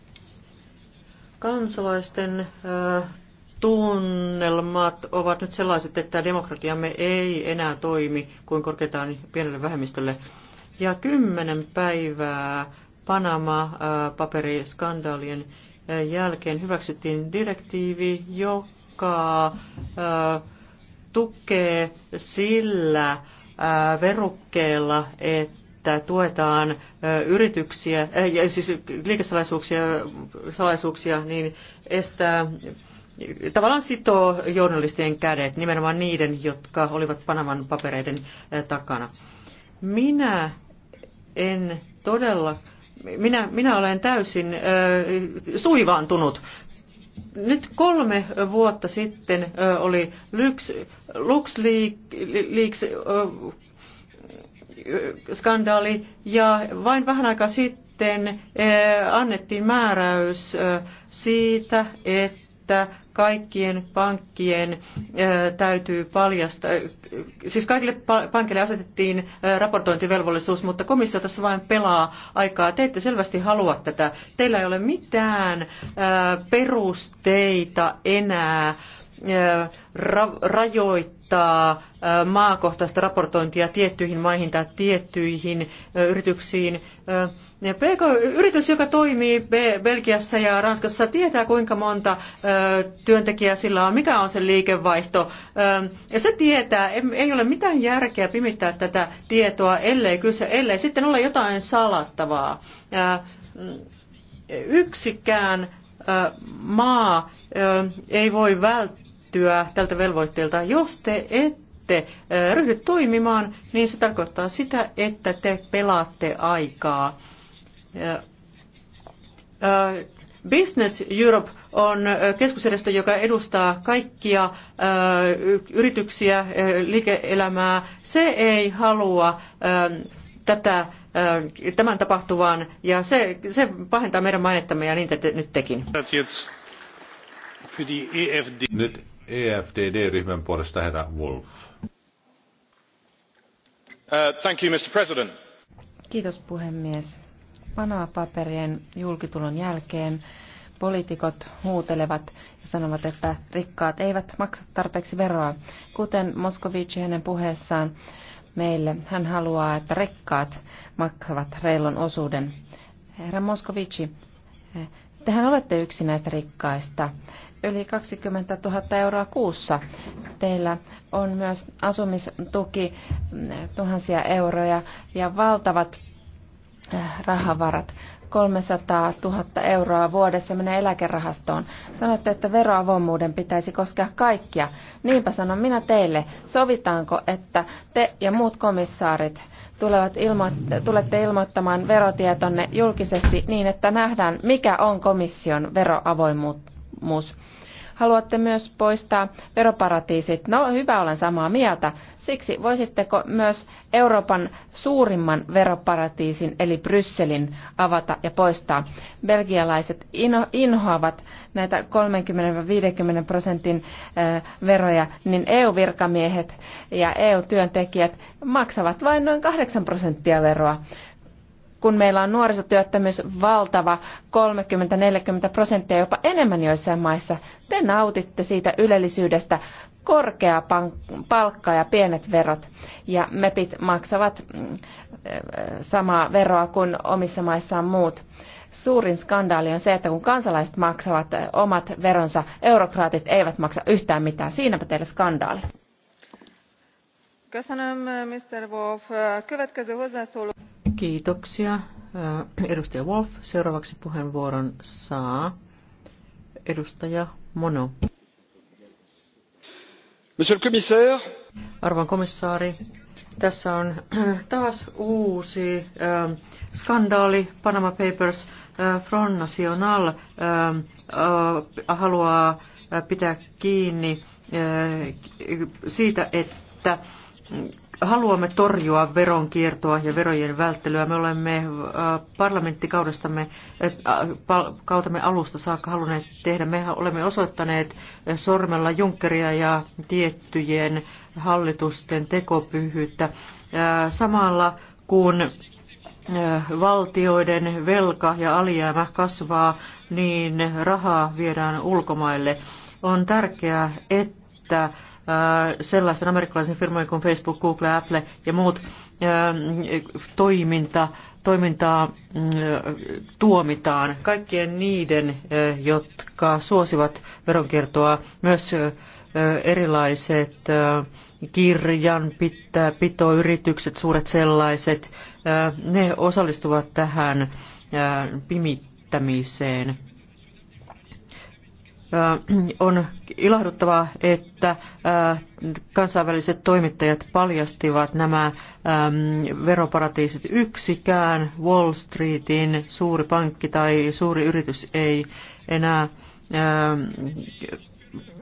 Kansalaisten tunnelmat ovat nyt sellaiset, että demokratiamme ei enää toimi kuin korkeintaan pienelle vähemmistölle. Ja kymmenen päivää Panama-paperiskandaalien äh, jälkeen hyväksyttiin direktiivi, joka äh, tukee sillä äh, verukkeella, että tuetaan yrityksiä, ja siis liikesalaisuuksia salaisuuksia, niin estää tavallaan sitoo journalistien kädet, nimenomaan niiden, jotka olivat Panaman papereiden eh, takana. Minä en todella, minä, minä olen täysin ö, eh, suivaantunut. Nyt kolme vuotta sitten ö, eh, oli Lux, LuxLeaks skandaali ja vain vähän aikaa sitten annettiin määräys siitä, että että kaikkien pankkien täytyy paljastaa, siis kaikille pankeille asetettiin raportointivelvollisuus, mutta komissio tässä vain pelaa aikaa. Te ette selvästi halua tätä. Teillä ei ole mitään perusteita enää rajoittaa rajoittaa maakohtaista raportointia tiettyihin maihin tai tiettyihin yrityksiin. PK, yritys, joka toimii Belgiassa ja Ranskassa, tietää kuinka monta työntekijää sillä on, mikä on se liikevaihto. Ja se tietää, ei ole mitään järkeä pimittää tätä tietoa, ellei, kyse, ellei sitten ole jotain salattavaa. Yksikään maa ei voi välttää välttyä tältä velvoitteelta. Jos te ette ryhdy toimimaan, niin se tarkoittaa sitä, että te pelaatte aikaa. Business Europe on keskusjärjestö, joka edustaa kaikkia yrityksiä, liike-elämää. Se ei halua tätä, tämän tapahtuvan ja se, se pahentaa meidän mainettamme ja niin te nyt tekin. E nyt EFDD-ryhmän puolesta herra Wolf. Uh, thank you, Mr. President. Kiitos puhemies. Panama-paperien julkitulon jälkeen poliitikot huutelevat ja sanovat, että rikkaat eivät maksa tarpeeksi veroa. Kuten Moskovici hänen puheessaan meille, hän haluaa, että rikkaat maksavat reilun osuuden. Herra Moskovici, eh, tehän olette yksi näistä rikkaista yli 20 000 euroa kuussa. Teillä on myös asumistuki mm, tuhansia euroja ja valtavat äh, rahavarat. 300 000 euroa vuodessa menee eläkerahastoon. Sanoitte, että veroavoimuuden pitäisi koskea kaikkia. Niinpä sanon minä teille, sovitaanko, että te ja muut komissaarit tulevat ilmo- tulette ilmoittamaan verotietonne julkisesti niin, että nähdään, mikä on komission veroavoimuutta avoimuus. Haluatte myös poistaa veroparatiisit. No hyvä, olen samaa mieltä. Siksi voisitteko myös Euroopan suurimman veroparatiisin eli Brysselin avata ja poistaa? Belgialaiset inhoavat näitä 30-50 prosentin veroja, niin EU-virkamiehet ja EU-työntekijät maksavat vain noin 8 prosenttia veroa kun meillä on nuorisotyöttömyys valtava 30-40 prosenttia jopa enemmän joissain maissa, te nautitte siitä ylellisyydestä korkea palkka ja pienet verot. Ja MEPit maksavat mm, samaa veroa kuin omissa maissaan muut. Suurin skandaali on se, että kun kansalaiset maksavat omat veronsa, eurokraatit eivät maksa yhtään mitään. Siinäpä teille skandaali. Köszönöm, Mr. Wolf. Következő hozzászóló. Kiitoksia. Edustaja Wolf, seuraavaksi puheenvuoron saa edustaja Mono. Monsieur le commissaire. Arvon komissaari, tässä on taas uusi äh, skandaali, Panama Papers, äh, Front National äh, äh, haluaa pitää kiinni äh, siitä, että haluamme torjua veronkiertoa ja verojen välttelyä. Me olemme äh, parlamenttikaudastamme, äh, kautamme alusta saakka halunneet tehdä. Me olemme osoittaneet sormella Junckeria ja tiettyjen hallitusten tekopyhyyttä. Äh, samalla kun valtioiden velka ja alijäämä kasvaa, niin rahaa viedään ulkomaille. On tärkeää, että Äh, sellaisten amerikkalaisen firmojen kuin Facebook, Google, Apple ja muut ähm, toiminta, toimintaa mm, tuomitaan. Kaikkien niiden, äh, jotka suosivat veronkiertoa, myös äh, erilaiset kirjanpitoyritykset, suuret sellaiset, ne osallistuvat tähän pimittämiseen. On ilahduttavaa, että kansainväliset toimittajat paljastivat nämä veroparatiisit. Yksikään Wall Streetin suuri pankki tai suuri yritys ei enää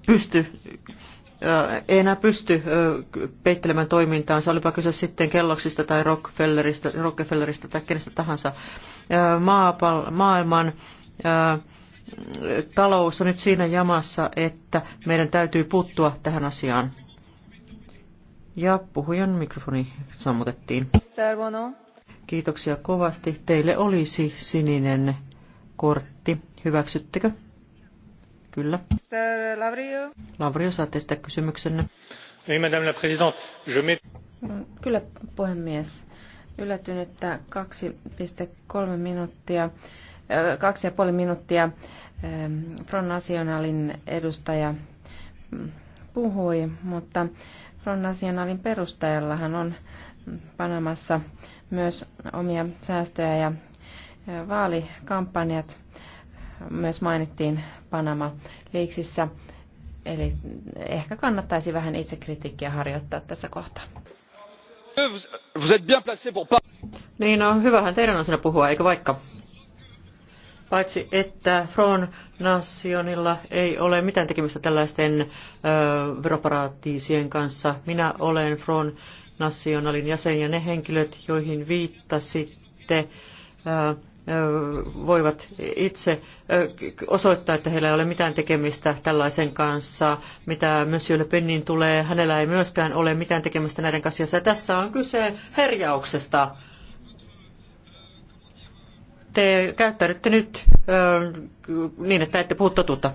pysty ei enää pysty peittelemään toimintaansa, olipa kyse sitten kelloksista tai Rockefellerista, Rockefellerista tai kenestä tahansa. Maapal- maailman talous on nyt siinä jamassa, että meidän täytyy puuttua tähän asiaan. Ja puhujan mikrofoni sammutettiin. Kiitoksia kovasti. Teille olisi sininen kortti. Hyväksyttekö? Kyllä. Lavrio. Lavrio, saatte sitä kysymyksenne. Oui, madame la présidente. Je met... Kyllä, puhemies. Yllätyn, että 2,3 minuuttia kaksi ja puoli minuuttia Front Nationalin edustaja puhui, mutta Front Nationalin perustajallahan on Panamassa myös omia säästöjä ja vaalikampanjat myös mainittiin Panama liiksissä. Eli ehkä kannattaisi vähän itsekritiikkiä harjoittaa tässä kohtaa. Niin, no hyvähän teidän on siinä puhua, eikö vaikka? paitsi että Front Nationilla ei ole mitään tekemistä tällaisten ö, veroparatiisien kanssa. Minä olen Front Nationalin jäsen ja ne henkilöt, joihin viittasitte, ö, voivat itse osoittaa, että heillä ei ole mitään tekemistä tällaisen kanssa, mitä Monsieur Le Penin tulee. Hänellä ei myöskään ole mitään tekemistä näiden kanssa. Ja tässä on kyse herjauksesta te käyttäydytte nyt niin, että ette puhu totuutta.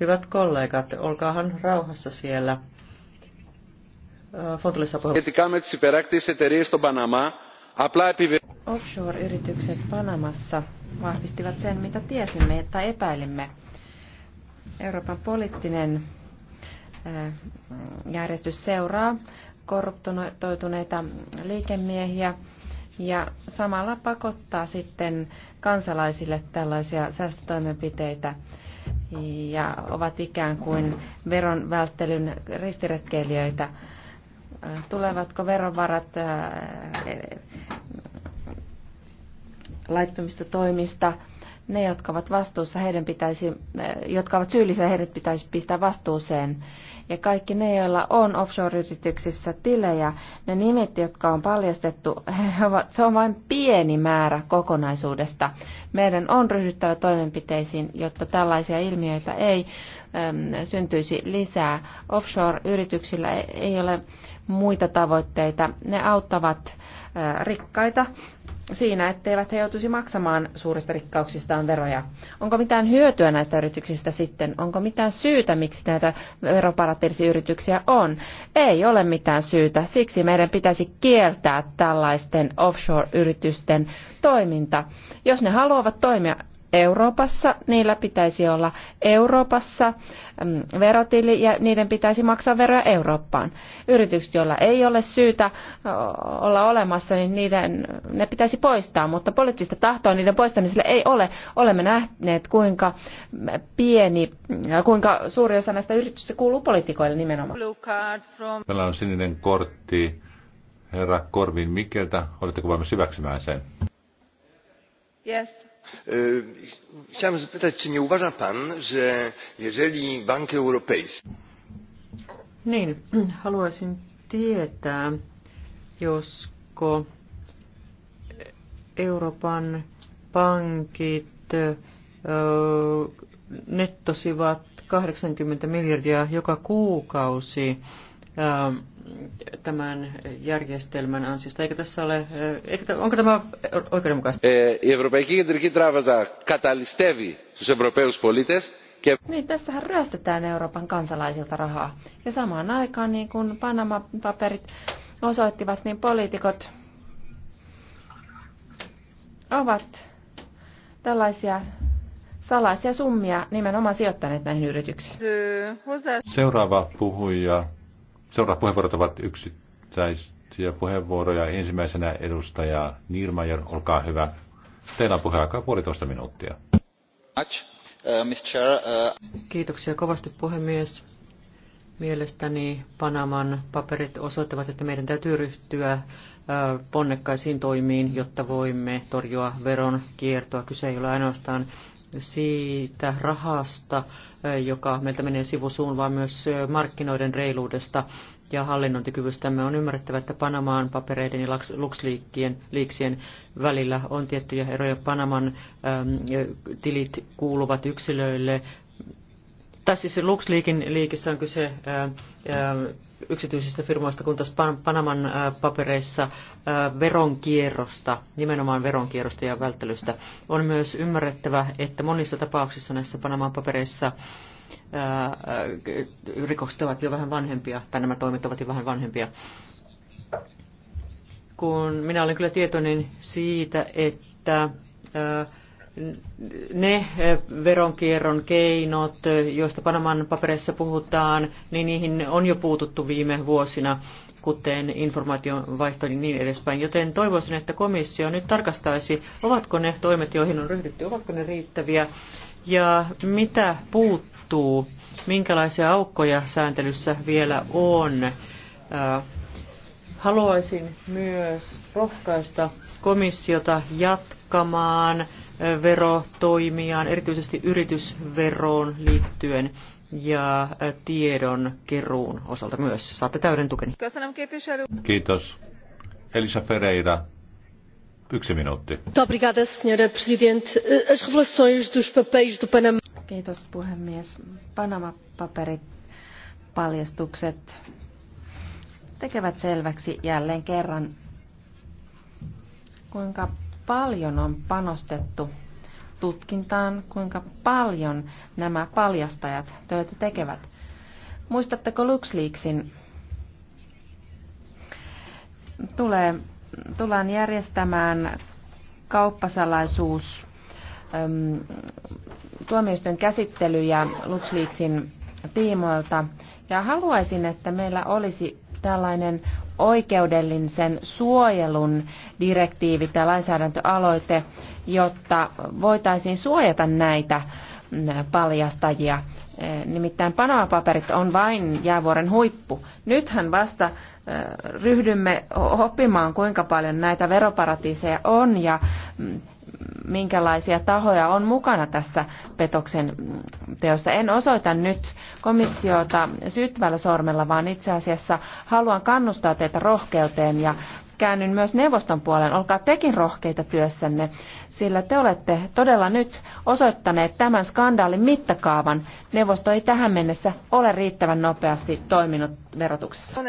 Hyvät kollegat, olkaahan rauhassa siellä. Fontulissa Offshore-yritykset Panamassa vahvistivat sen, mitä tiesimme, että epäilimme. Euroopan poliittinen järjestys seuraa korruptoituneita liikemiehiä ja samalla pakottaa sitten kansalaisille tällaisia säästötoimenpiteitä ja ovat ikään kuin veron välttelyn ristiretkeilijöitä. Tulevatko verovarat laittomista toimista ne, jotka ovat vastuussa, heidän pitäisi, eh, jotka ovat syyllisiä, heidät pitäisi pistää vastuuseen. Ja kaikki ne, joilla on offshore-yrityksissä tilejä, ne nimet, jotka on paljastettu, ovat, se on vain pieni määrä kokonaisuudesta. Meidän on ryhdyttävä toimenpiteisiin, jotta tällaisia ilmiöitä ei äm, syntyisi lisää. Offshore-yrityksillä ei ole muita tavoitteita. Ne auttavat eh, rikkaita siinä, etteivät he joutuisi maksamaan suurista rikkauksistaan veroja. Onko mitään hyötyä näistä yrityksistä sitten? Onko mitään syytä, miksi näitä veroparatiisiyrityksiä on? Ei ole mitään syytä. Siksi meidän pitäisi kieltää tällaisten offshore-yritysten toiminta. Jos ne haluavat toimia Euroopassa, niillä pitäisi olla Euroopassa mm, verotili ja niiden pitäisi maksaa veroja Eurooppaan. Yritykset, joilla ei ole syytä olla olemassa, niin niiden, ne pitäisi poistaa, mutta poliittista tahtoa niiden poistamiselle ei ole. Olemme nähneet, kuinka pieni, mm, kuinka suuri osa näistä yrityksistä kuuluu poliitikoille nimenomaan. Meillä on sininen kortti herra Korvin Mikkeltä. Oletteko valmis hyväksymään sen? Yes. E, chciałem zapytać, czy nie uważa pan, że jeżeli Bank Europejski... Niin, haluaisin tietää, josko Euroopan pankit nettosivat 80 miljardia joka kuukausi tämän järjestelmän ansiosta. Eikö tässä ole, eh, eikö, onko tämä oikeudenmukaista? Eh, η Ευρωπαϊκή Κεντρική Τράπεζα καταλυστεύει στους Ευρωπαίους πολίτες και... Niin, tässähän ryöstetään Euroopan kansalaisilta rahaa. Ja samaan aikaan, niin kuin Panama-paperit osoittivat, niin poliitikot ovat tällaisia salaisia summia nimenomaan sijoittaneet näihin yrityksiin. Seuraava puhuja Seuraavat puheenvuorot ovat yksittäisiä puheenvuoroja. Ensimmäisenä edustaja Niirmajer, olkaa hyvä. Teillä on puheaikaa puolitoista minuuttia. Uh, uh, Kiitoksia kovasti puhemies. Mielestäni Panaman paperit osoittavat, että meidän täytyy ryhtyä uh, ponnekkaisiin toimiin, jotta voimme torjua veron kiertoa. Kyse ei ole ainoastaan siitä rahasta, joka meiltä menee sivusuun, vaan myös markkinoiden reiluudesta ja hallinnointikyvystämme. On ymmärrettävä, että Panamaan papereiden ja liiksien välillä on tiettyjä eroja. Panaman äm, tilit kuuluvat yksilöille. Tässä siis LuxLeakin liikissä on kyse ää, ää, yksityisistä firmoista, kun taas Panaman papereissa veronkierrosta, nimenomaan veronkierrosta ja välttelystä. On myös ymmärrettävä, että monissa tapauksissa näissä Panaman papereissa rikokset ovat jo vähän vanhempia, tai nämä toimet ovat jo vähän vanhempia. Kun minä olen kyllä tietoinen siitä, että ne veronkierron keinot, joista Panaman papereissa puhutaan, niin niihin on jo puututtu viime vuosina, kuten informaation vaihto ja niin edespäin. Joten toivoisin, että komissio nyt tarkastaisi, ovatko ne toimet, joihin on ryhdytty, ovatko ne riittäviä ja mitä puuttuu, minkälaisia aukkoja sääntelyssä vielä on. Haluaisin myös rohkaista komissiota jatkamaan verotoimiaan, erityisesti yritysveroon liittyen ja tiedon keruun osalta myös. Saatte täyden tukeni. Kiitos. Elisa Ferreira, yksi minuutti. Kiitos puhemies. Panama-paperit paljastukset tekevät selväksi jälleen kerran, kuinka paljon on panostettu tutkintaan, kuinka paljon nämä paljastajat töitä tekevät. Muistatteko LuxLeaksin? Tulee, tullaan järjestämään kauppasalaisuus äm, tuomioistuin käsittelyjä LuxLeaksin tiimoilta. Ja haluaisin, että meillä olisi tällainen oikeudellisen suojelun direktiivi tai lainsäädäntöaloite, jotta voitaisiin suojata näitä mm, paljastajia. Eh, nimittäin Panama-paperit on vain jäävuoren huippu. Nythän vasta eh, ryhdymme oppimaan, kuinka paljon näitä veroparatiiseja on ja mm, minkälaisia tahoja on mukana tässä petoksen teossa. En osoita nyt komissiota syyttävällä sormella, vaan itse asiassa haluan kannustaa teitä rohkeuteen ja käännyn myös neuvoston puoleen. Olkaa tekin rohkeita työssänne, sillä te olette todella nyt osoittaneet tämän skandaalin mittakaavan. Neuvosto ei tähän mennessä ole riittävän nopeasti toiminut verotuksessa.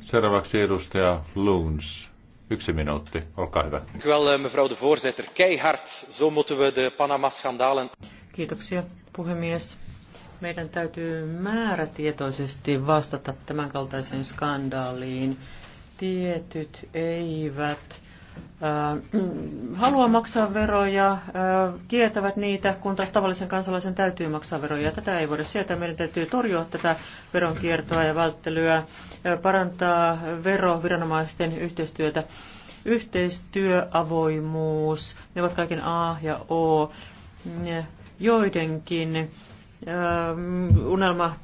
Seuraavaksi edustaja Loons. Yksi minuutti, olkaa hyvä. Eh, mevrouw de voorzitter. Keihard, zo moeten we de Panama-schandalen. Kiitoksia, puhemies. Meidän täytyy määrätietoisesti vastata tämänkaltaiseen skandaaliin. Tietyt eivät halua maksaa veroja, kietävät niitä, kun taas tavallisen kansalaisen täytyy maksaa veroja. Tätä ei voida sieltä. Meidän täytyy torjua tätä veronkiertoa ja välttelyä, parantaa veroviranomaisten yhteistyötä. Yhteistyö, avoimuus, ne ovat kaiken A ja O. Joidenkin Ähm, unelma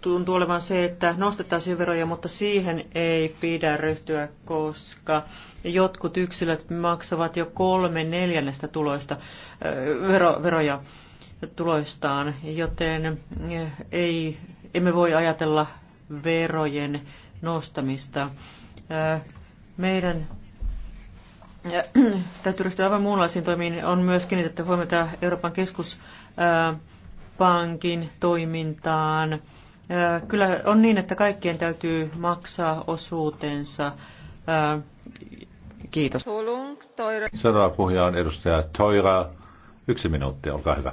tuntuu olevan se, että nostetaan veroja, mutta siihen ei pidä ryhtyä, koska jotkut yksilöt maksavat jo kolme neljännestä tuloista, äh, vero, veroja tuloistaan, joten äh, ei, emme voi ajatella verojen nostamista. Äh, meidän täytyy ryhtyä aivan muunlaisiin toimiin. On myös kiinnitetty huomiota Euroopan keskus pankin toimintaan. Kyllä on niin, että kaikkien täytyy maksaa osuutensa. Kiitos. Seuraava puhuja on edustaja Toira. Yksi minuutti, olkaa hyvä.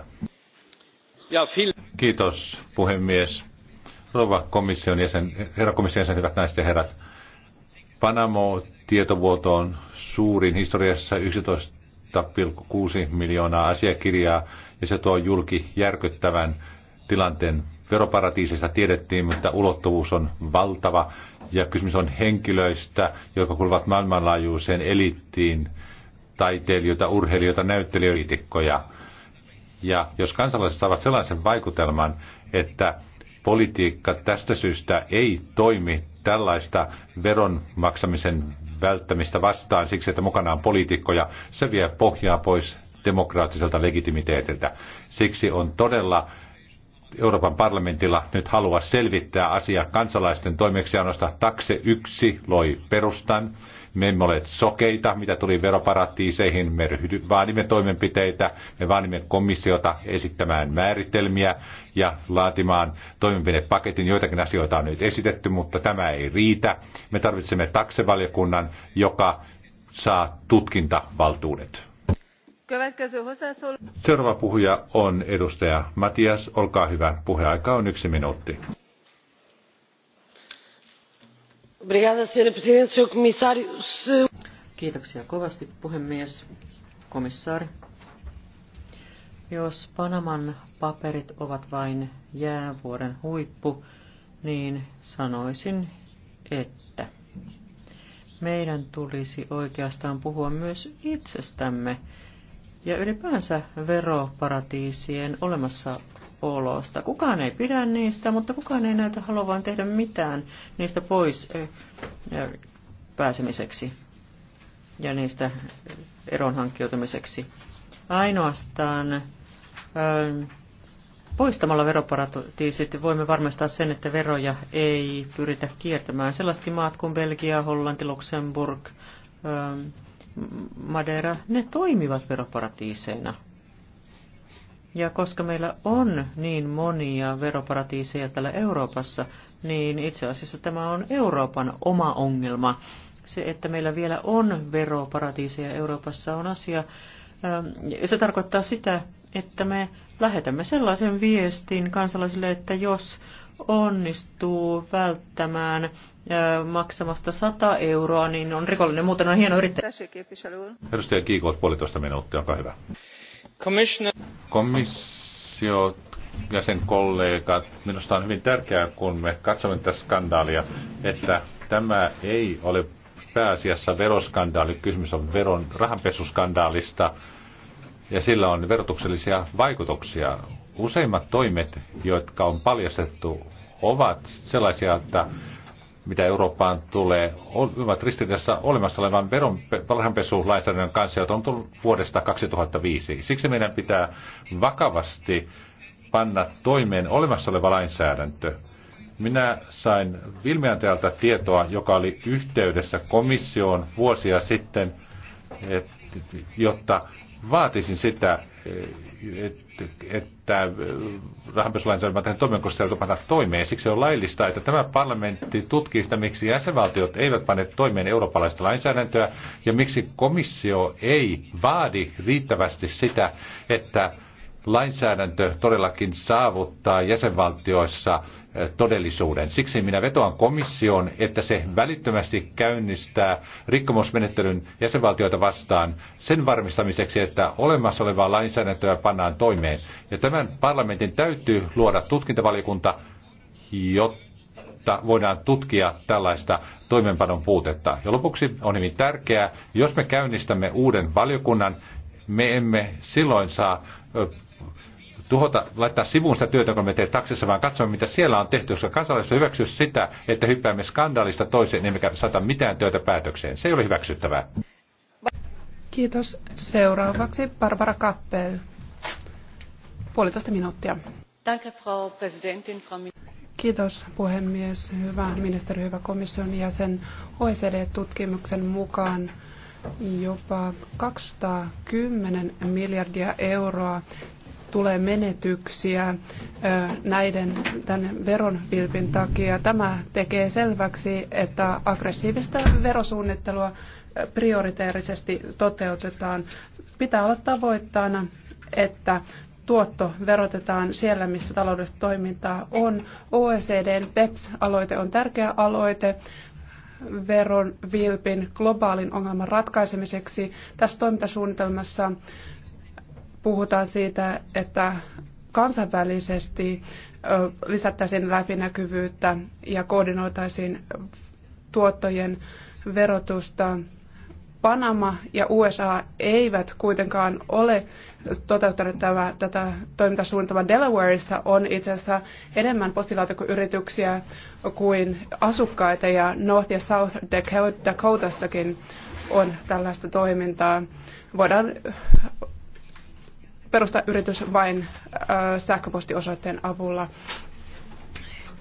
Kiitos puhemies. Rova komission jäsen, herra komission jäsen, hyvät naiset ja herrat. Panamo-tietovuoto on suurin historiassa 11,6 miljoonaa asiakirjaa ja niin se tuo julki järkyttävän tilanteen veroparatiisista tiedettiin, että ulottuvuus on valtava ja kysymys on henkilöistä, jotka kuuluvat maailmanlaajuiseen eliittiin, taiteilijoita, urheilijoita, näyttelijöitikkoja. Ja jos kansalaiset saavat sellaisen vaikutelman, että politiikka tästä syystä ei toimi tällaista veron maksamisen välttämistä vastaan siksi, että mukana on poliitikkoja, se vie pohjaa pois demokraattiselta legitimiteetiltä. Siksi on todella Euroopan parlamentilla nyt halua selvittää asia kansalaisten toimeksiannosta. Takse 1 loi perustan. Me emme ole sokeita, mitä tuli veroparatiiseihin. Me vaadimme toimenpiteitä, me vaadimme komissiota esittämään määritelmiä ja laatimaan toimenpidepaketin. Joitakin asioita on nyt esitetty, mutta tämä ei riitä. Me tarvitsemme taksevaliokunnan, joka saa tutkintavaltuudet. Seuraava puhuja on edustaja Matias. Olkaa hyvä. Puheaika on yksi minuutti. Kiitoksia kovasti puhemies, komissaari. Jos Panaman paperit ovat vain jäävuoren huippu, niin sanoisin, että meidän tulisi oikeastaan puhua myös itsestämme ja ylipäänsä veroparatiisien olemassaolosta. Kukaan ei pidä niistä, mutta kukaan ei näytä haluavan tehdä mitään niistä pois eh, eh, pääsemiseksi ja niistä eron hankkiutumiseksi. Ainoastaan ähm, Poistamalla veroparatiisit voimme varmistaa sen, että veroja ei pyritä kiertämään. Sellaiset maat kuin Belgia, Hollanti, Luxemburg, ähm, Madeira, ne toimivat veroparatiiseina. Ja koska meillä on niin monia veroparatiiseja täällä Euroopassa, niin itse asiassa tämä on Euroopan oma ongelma. Se, että meillä vielä on veroparatiiseja Euroopassa, on asia. Ähm, se tarkoittaa sitä, että me lähetämme sellaisen viestin kansalaisille, että jos onnistuu välttämään maksamasta 100 euroa, niin on rikollinen. Muuten on hieno yrittäjä. Edustaja Kiikolt, puolitoista minuuttia, onko hyvä. Komissio ja sen kollegat, minusta on hyvin tärkeää, kun me katsomme tätä skandaalia, että tämä ei ole pääasiassa veroskandaali. Kysymys on veron rahanpesuskandaalista ja sillä on verotuksellisia vaikutuksia useimmat toimet, jotka on paljastettu, ovat sellaisia, että mitä Eurooppaan tulee, ovat ristiriidassa olemassa olevan veron lainsäädännön kanssa, jota on tullut vuodesta 2005. Siksi meidän pitää vakavasti panna toimeen olemassa oleva lainsäädäntö. Minä sain ilmiantajalta tietoa, joka oli yhteydessä komissioon vuosia sitten, et, jotta vaatisin sitä, että rahanpesulainsäädännön toimenkossa täytyy panna toimeen. Siksi on laillista, että tämä parlamentti tutkii sitä, miksi jäsenvaltiot eivät pane toimeen eurooppalaista lainsäädäntöä ja miksi komissio ei vaadi riittävästi sitä, että lainsäädäntö todellakin saavuttaa jäsenvaltioissa eh, todellisuuden. Siksi minä vetoan komissioon, että se välittömästi käynnistää rikkomusmenettelyn jäsenvaltioita vastaan sen varmistamiseksi, että olemassa olevaa lainsäädäntöä pannaan toimeen. Ja tämän parlamentin täytyy luoda tutkintavaliokunta, jotta voidaan tutkia tällaista toimenpanon puutetta. Ja lopuksi on hyvin tärkeää, jos me käynnistämme uuden valiokunnan, me emme silloin saa tuhota, laittaa sivuun sitä työtä, kun me teemme taksissa, vaan katsomme, mitä siellä on tehty, koska kansalaiset hyväksyvät sitä, että hyppäämme skandaalista toiseen, emmekä saata mitään työtä päätökseen. Se ei ole hyväksyttävää. Kiitos. Seuraavaksi Barbara Kappel. Puolitoista minuuttia. Danke, Frau Präsidentin, Frau Kiitos puhemies, hyvä ministeri, hyvä komission jäsen. OECD-tutkimuksen mukaan jopa 210 miljardia euroa tulee menetyksiä näiden tämän takia. Tämä tekee selväksi, että aggressiivista verosuunnittelua prioriteerisesti toteutetaan. Pitää olla tavoitteena, että tuotto verotetaan siellä, missä taloudellista toimintaa on. OECDn BEPS-aloite on tärkeä aloite, veron vilpin globaalin ongelman ratkaisemiseksi. Tässä toimintasuunnitelmassa puhutaan siitä, että kansainvälisesti lisättäisiin läpinäkyvyyttä ja koordinoitaisiin tuottojen verotusta. Panama ja USA eivät kuitenkaan ole toteuttanut tämä, tätä toimintasuunnitelmaa Delawareissa on itse asiassa enemmän postilaatikoyrityksiä kuin asukkaita ja North ja South Dakotassakin on tällaista toimintaa. Voidaan äh, perustaa yritys vain äh, sähköpostiosoitteen avulla.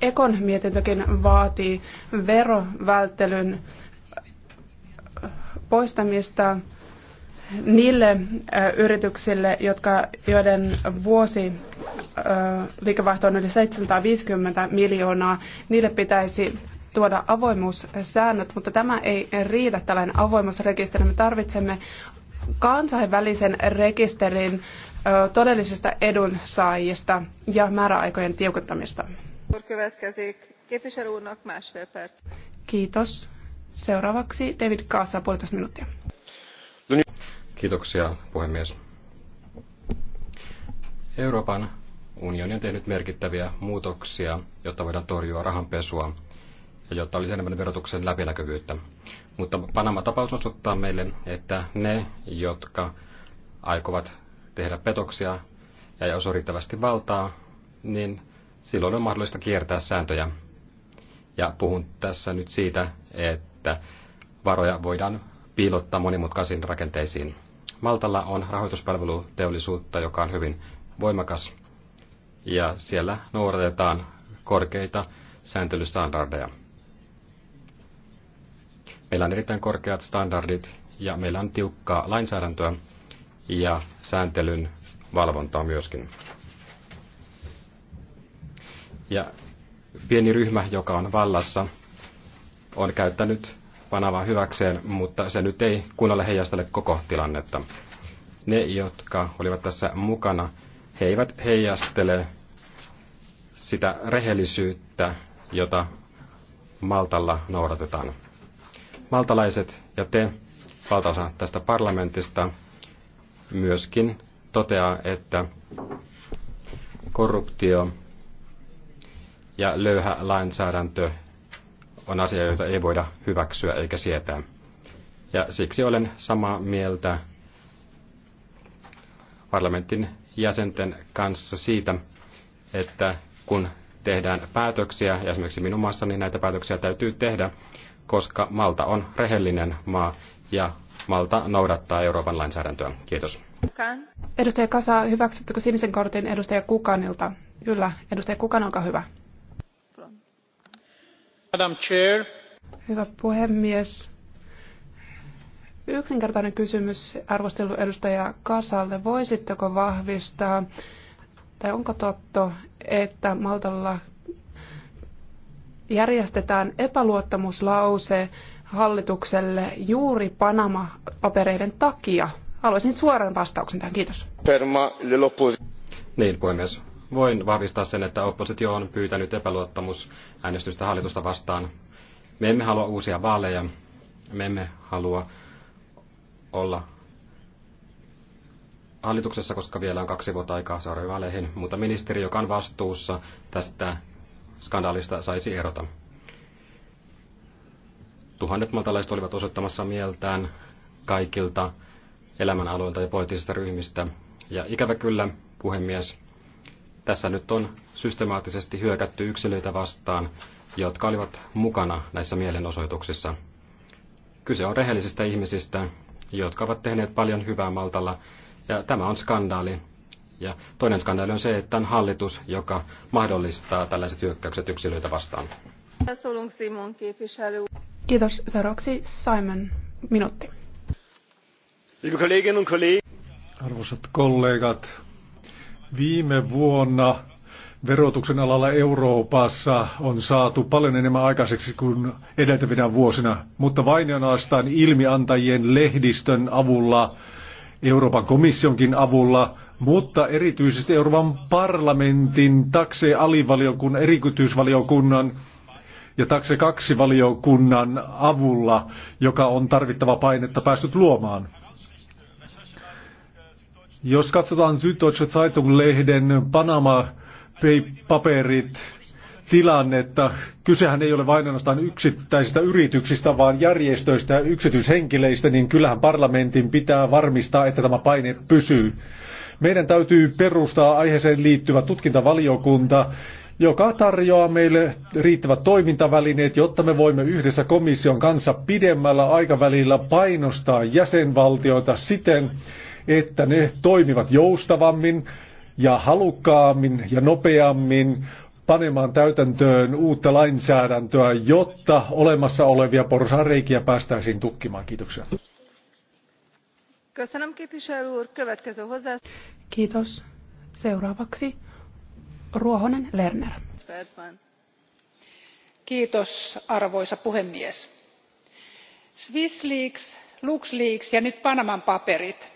Ekon mietintökin vaatii verovälttelyn äh, poistamista niille yrityksille, jotka, joiden vuosi liikevaihto on yli 750 miljoonaa, niille pitäisi tuoda avoimuussäännöt, mutta tämä ei riitä tällainen avoimuusrekisteri. Me tarvitsemme kansainvälisen rekisterin todellisista edunsaajista ja määräaikojen tiukuttamista. Kiitos. Seuraavaksi David Kaasa, puolitoista minuuttia Kiitoksia, puhemies. Euroopan unioni on tehnyt merkittäviä muutoksia, jotta voidaan torjua rahanpesua ja jotta olisi enemmän verotuksen läpinäkyvyyttä. Mutta Panama-tapaus osoittaa meille, että ne, jotka aikovat tehdä petoksia ja jos on riittävästi valtaa, niin silloin on mahdollista kiertää sääntöjä. Ja puhun tässä nyt siitä, että varoja voidaan piilottaa monimutkaisiin rakenteisiin. Maltalla on rahoituspalveluteollisuutta, joka on hyvin voimakas, ja siellä noudatetaan korkeita sääntelystandardeja. Meillä on erittäin korkeat standardit ja meillä on tiukkaa lainsäädäntöä ja sääntelyn valvontaa myöskin. Ja pieni ryhmä, joka on vallassa, on käyttänyt panava hyväkseen, mutta se nyt ei kunnolla heijastele koko tilannetta. Ne, jotka olivat tässä mukana, he eivät heijastele sitä rehellisyyttä, jota Maltalla noudatetaan. Maltalaiset ja te, valtaosa tästä parlamentista, myöskin toteaa, että korruptio ja löyhä lainsäädäntö on asia, jota ei voida hyväksyä eikä sietää. Ja siksi olen samaa mieltä parlamentin jäsenten kanssa siitä, että kun tehdään päätöksiä, ja esimerkiksi minun maassani näitä päätöksiä täytyy tehdä, koska Malta on rehellinen maa ja Malta noudattaa Euroopan lainsäädäntöä. Kiitos. Kukaan. Edustaja Kasa, hyväksyttekö sinisen kortin edustaja Kukanilta? Kyllä, edustaja Kukan, olkaa hyvä. Madam Chair. Hyvä puhemies. Yksinkertainen kysymys arvostelu edustaja Kasalle. Voisitteko vahvistaa, tai onko totta, että Maltalla järjestetään epäluottamuslause hallitukselle juuri Panama-papereiden takia? Haluaisin suoran vastauksen tähän. Kiitos. Niin, puhemies voin vahvistaa sen, että oppositio on pyytänyt epäluottamusäänestystä hallitusta vastaan. Me emme halua uusia vaaleja, me emme halua olla hallituksessa, koska vielä on kaksi vuotta aikaa seuraaviin vaaleihin, mutta ministeri, joka on vastuussa tästä skandaalista, saisi erota. Tuhannet maltalaiset olivat osoittamassa mieltään kaikilta elämänaloilta ja poliittisista ryhmistä. Ja ikävä kyllä, puhemies, tässä nyt on systemaattisesti hyökätty yksilöitä vastaan, jotka olivat mukana näissä mielenosoituksissa. Kyse on rehellisistä ihmisistä, jotka ovat tehneet paljon hyvää Maltalla, ja tämä on skandaali. Ja toinen skandaali on se, että on hallitus, joka mahdollistaa tällaiset hyökkäykset yksilöitä vastaan. Kiitos. Seuraavaksi Simon, minuutti. Arvoisat kollegat, Viime vuonna verotuksen alalla Euroopassa on saatu paljon enemmän aikaiseksi kuin edeltävinä vuosina, mutta vain ainoastaan ilmiantajien lehdistön avulla, Euroopan komissionkin avulla, mutta erityisesti Euroopan parlamentin takse alivaliokunnan, erikytyysvaliokunnan ja takse kaksi valiokunnan avulla, joka on tarvittava painetta päässyt luomaan. Jos katsotaan Süddeutsche Zeitung-lehden Panama-paperit tilannetta, kysehän ei ole vain ainoastaan yksittäisistä yrityksistä, vaan järjestöistä ja yksityishenkilöistä, niin kyllähän parlamentin pitää varmistaa, että tämä paine pysyy. Meidän täytyy perustaa aiheeseen liittyvä tutkintavaliokunta, joka tarjoaa meille riittävät toimintavälineet, jotta me voimme yhdessä komission kanssa pidemmällä aikavälillä painostaa jäsenvaltioita siten, että ne toimivat joustavammin ja halukkaammin ja nopeammin panemaan täytäntöön uutta lainsäädäntöä, jotta olemassa olevia porsaanreikiä päästäisiin tukkimaan. Kiitoksia. Kiitos. Seuraavaksi Ruohonen Lerner. Kiitos, arvoisa puhemies. Swiss Leaks, Lux Leaks ja nyt Panaman paperit –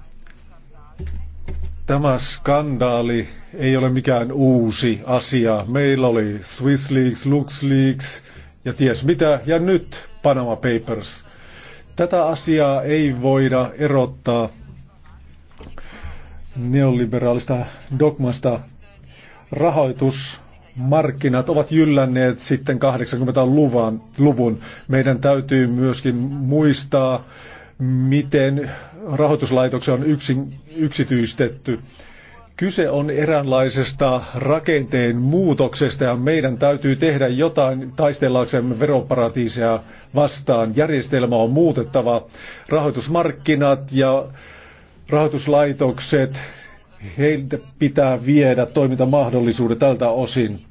Tämä skandaali ei ole mikään uusi asia. Meillä oli Swiss Leaks, Lux Leaks ja ties mitä, ja nyt Panama Papers. Tätä asiaa ei voida erottaa neoliberaalista dogmasta. Rahoitusmarkkinat ovat jyllänneet sitten 80-luvun. Meidän täytyy myöskin muistaa, miten rahoituslaitoksia on yksin, yksityistetty. Kyse on eräänlaisesta rakenteen muutoksesta ja meidän täytyy tehdä jotain taistellaksemme veroparatiiseja vastaan. Järjestelmä on muutettava. Rahoitusmarkkinat ja rahoituslaitokset, heiltä pitää viedä toimintamahdollisuudet tältä osin.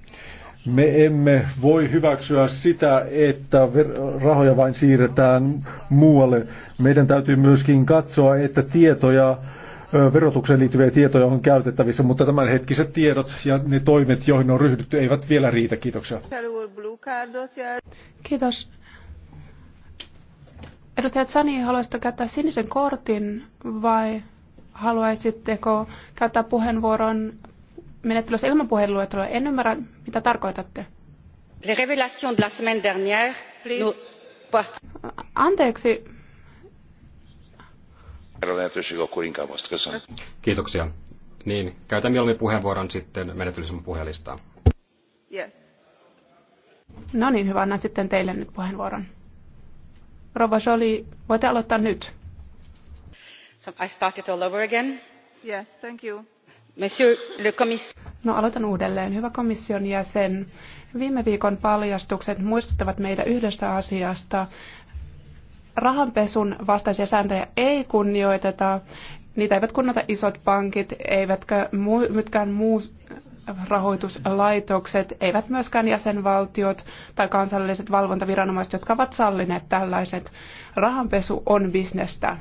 Me emme voi hyväksyä sitä, että rahoja vain siirretään muualle. Meidän täytyy myöskin katsoa, että tietoja, verotukseen liittyviä tietoja on käytettävissä, mutta tämänhetkiset tiedot ja ne toimet, joihin on ryhdytty, eivät vielä riitä. Kiitoksia. Kiitos. Edustaja Sani, haluaisitko käyttää sinisen kortin vai haluaisitteko käyttää puheenvuoron menettelyssä ilman puhelinluetteloa. En ymmärrä, mitä tarkoitatte. Les révélations de la semaine dernière... anteeksi. Kiitoksia. Niin, käytän mieluummin puheenvuoron sitten menettelyssä puhelistaa. Yes. No niin, hyvä. Annan sitten teille nyt puheenvuoron. Rova Jolie, voitte aloittaa nyt. So I started all over again. Yes, thank you No aloitan uudelleen. Hyvä komission jäsen, viime viikon paljastukset muistuttavat meitä yhdestä asiasta. Rahanpesun vastaisia sääntöjä ei kunnioiteta, niitä eivät kunnata isot pankit, eivätkä mitkään muu rahoituslaitokset, eivät myöskään jäsenvaltiot tai kansalliset valvontaviranomaiset, jotka ovat sallineet tällaiset. Rahanpesu on bisnestä.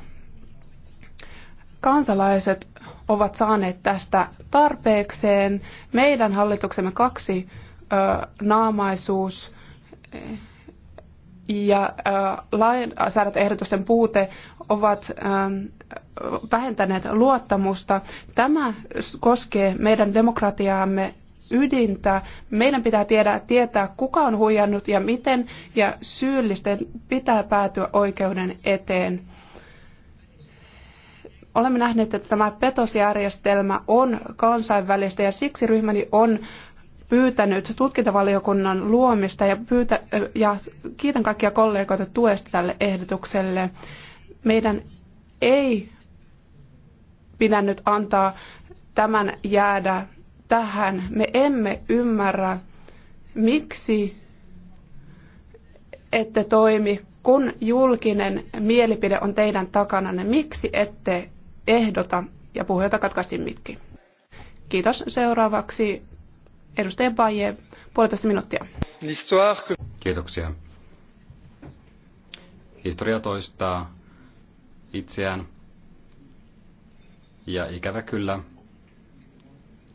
Kansalaiset ovat saaneet tästä tarpeekseen. Meidän hallituksemme kaksi ö, naamaisuus e, ja lainsäädäntöehdotusten puute ovat vähentäneet luottamusta. Tämä koskee meidän demokratiaamme ydintä. Meidän pitää tiedä, tietää, kuka on huijannut ja miten, ja syyllisten pitää päätyä oikeuden eteen olemme nähneet, että tämä petosjärjestelmä on kansainvälistä ja siksi ryhmäni on pyytänyt tutkintavaliokunnan luomista ja, pyytä, ja kiitän kaikkia kollegoita tuesta tälle ehdotukselle. Meidän ei pidä nyt antaa tämän jäädä tähän. Me emme ymmärrä, miksi ette toimi, kun julkinen mielipide on teidän takananne. Miksi ette ehdota. Ja puhujalta katkaistiin mikki. Kiitos. Seuraavaksi edustaja Baye, puolitoista minuuttia. Kiitoksia. Historia toistaa itseään. Ja ikävä kyllä,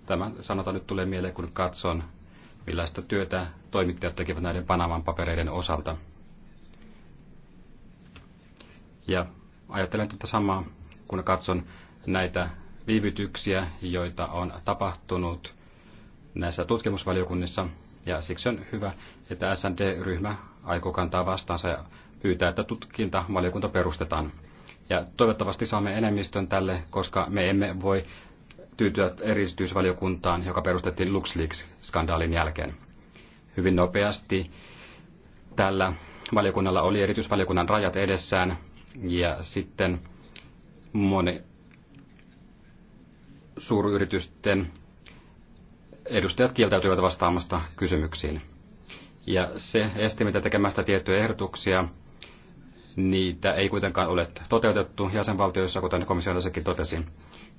tämä sanota nyt tulee mieleen, kun katson, millaista työtä toimittajat tekevät näiden Panaman papereiden osalta. Ja ajattelen tätä samaa kun katson näitä viivytyksiä, joita on tapahtunut näissä tutkimusvaliokunnissa. Ja siksi on hyvä, että SND-ryhmä aikoo kantaa vastaansa ja pyytää, että tutkintavaliokunta perustetaan. Ja toivottavasti saamme enemmistön tälle, koska me emme voi tyytyä erityisvaliokuntaan, joka perustettiin LuxLeaks-skandaalin jälkeen. Hyvin nopeasti tällä valiokunnalla oli erityisvaliokunnan rajat edessään ja sitten moni suuryritysten edustajat kieltäytyivät vastaamasta kysymyksiin. Ja se esti mitä tekemästä tiettyjä ehdotuksia, niitä ei kuitenkaan ole toteutettu jäsenvaltioissa, kuten komission sekin totesi.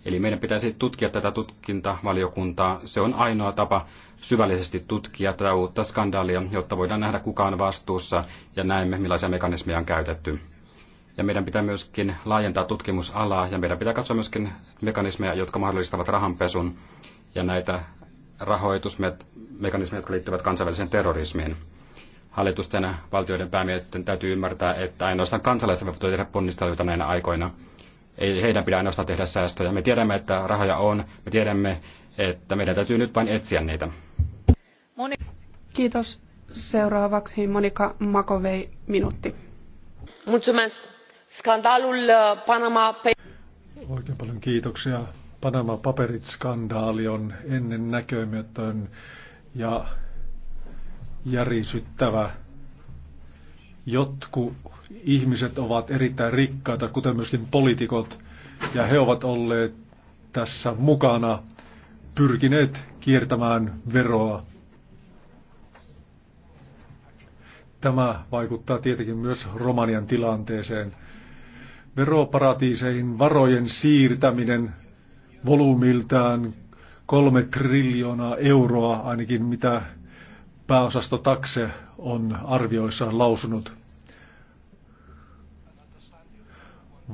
Eli meidän pitäisi tutkia tätä tutkintavaliokuntaa. Se on ainoa tapa syvällisesti tutkia tätä uutta skandaalia, jotta voidaan nähdä kuka on vastuussa ja näemme millaisia mekanismeja on käytetty. Ja meidän pitää myöskin laajentaa tutkimusalaa ja meidän pitää katsoa myöskin mekanismeja, jotka mahdollistavat rahanpesun ja näitä rahoitusmekanismeja, jotka liittyvät kansainväliseen terrorismiin. Hallitusten valtioiden päämiesten täytyy ymmärtää, että ainoastaan kansalaiset voivat tehdä ponnisteluita näinä aikoina. Ei heidän pidä ainoastaan tehdä säästöjä. Me tiedämme, että rahoja on. Me tiedämme, että meidän täytyy nyt vain etsiä niitä. Moni- Kiitos. Seuraavaksi Monika Makovei, minuutti. Mulțumesc skandalul uh, Panama Oikein paljon kiitoksia. Panama-paperit-skandaali on ennennäkemätön ja järisyttävä. Jotkut ihmiset ovat erittäin rikkaita, kuten myöskin poliitikot, ja he ovat olleet tässä mukana pyrkineet kiertämään veroa. Tämä vaikuttaa tietenkin myös Romanian tilanteeseen veroparatiiseihin varojen siirtäminen volyymiltään kolme triljoonaa euroa, ainakin mitä pääosasto takse on arvioissaan lausunut.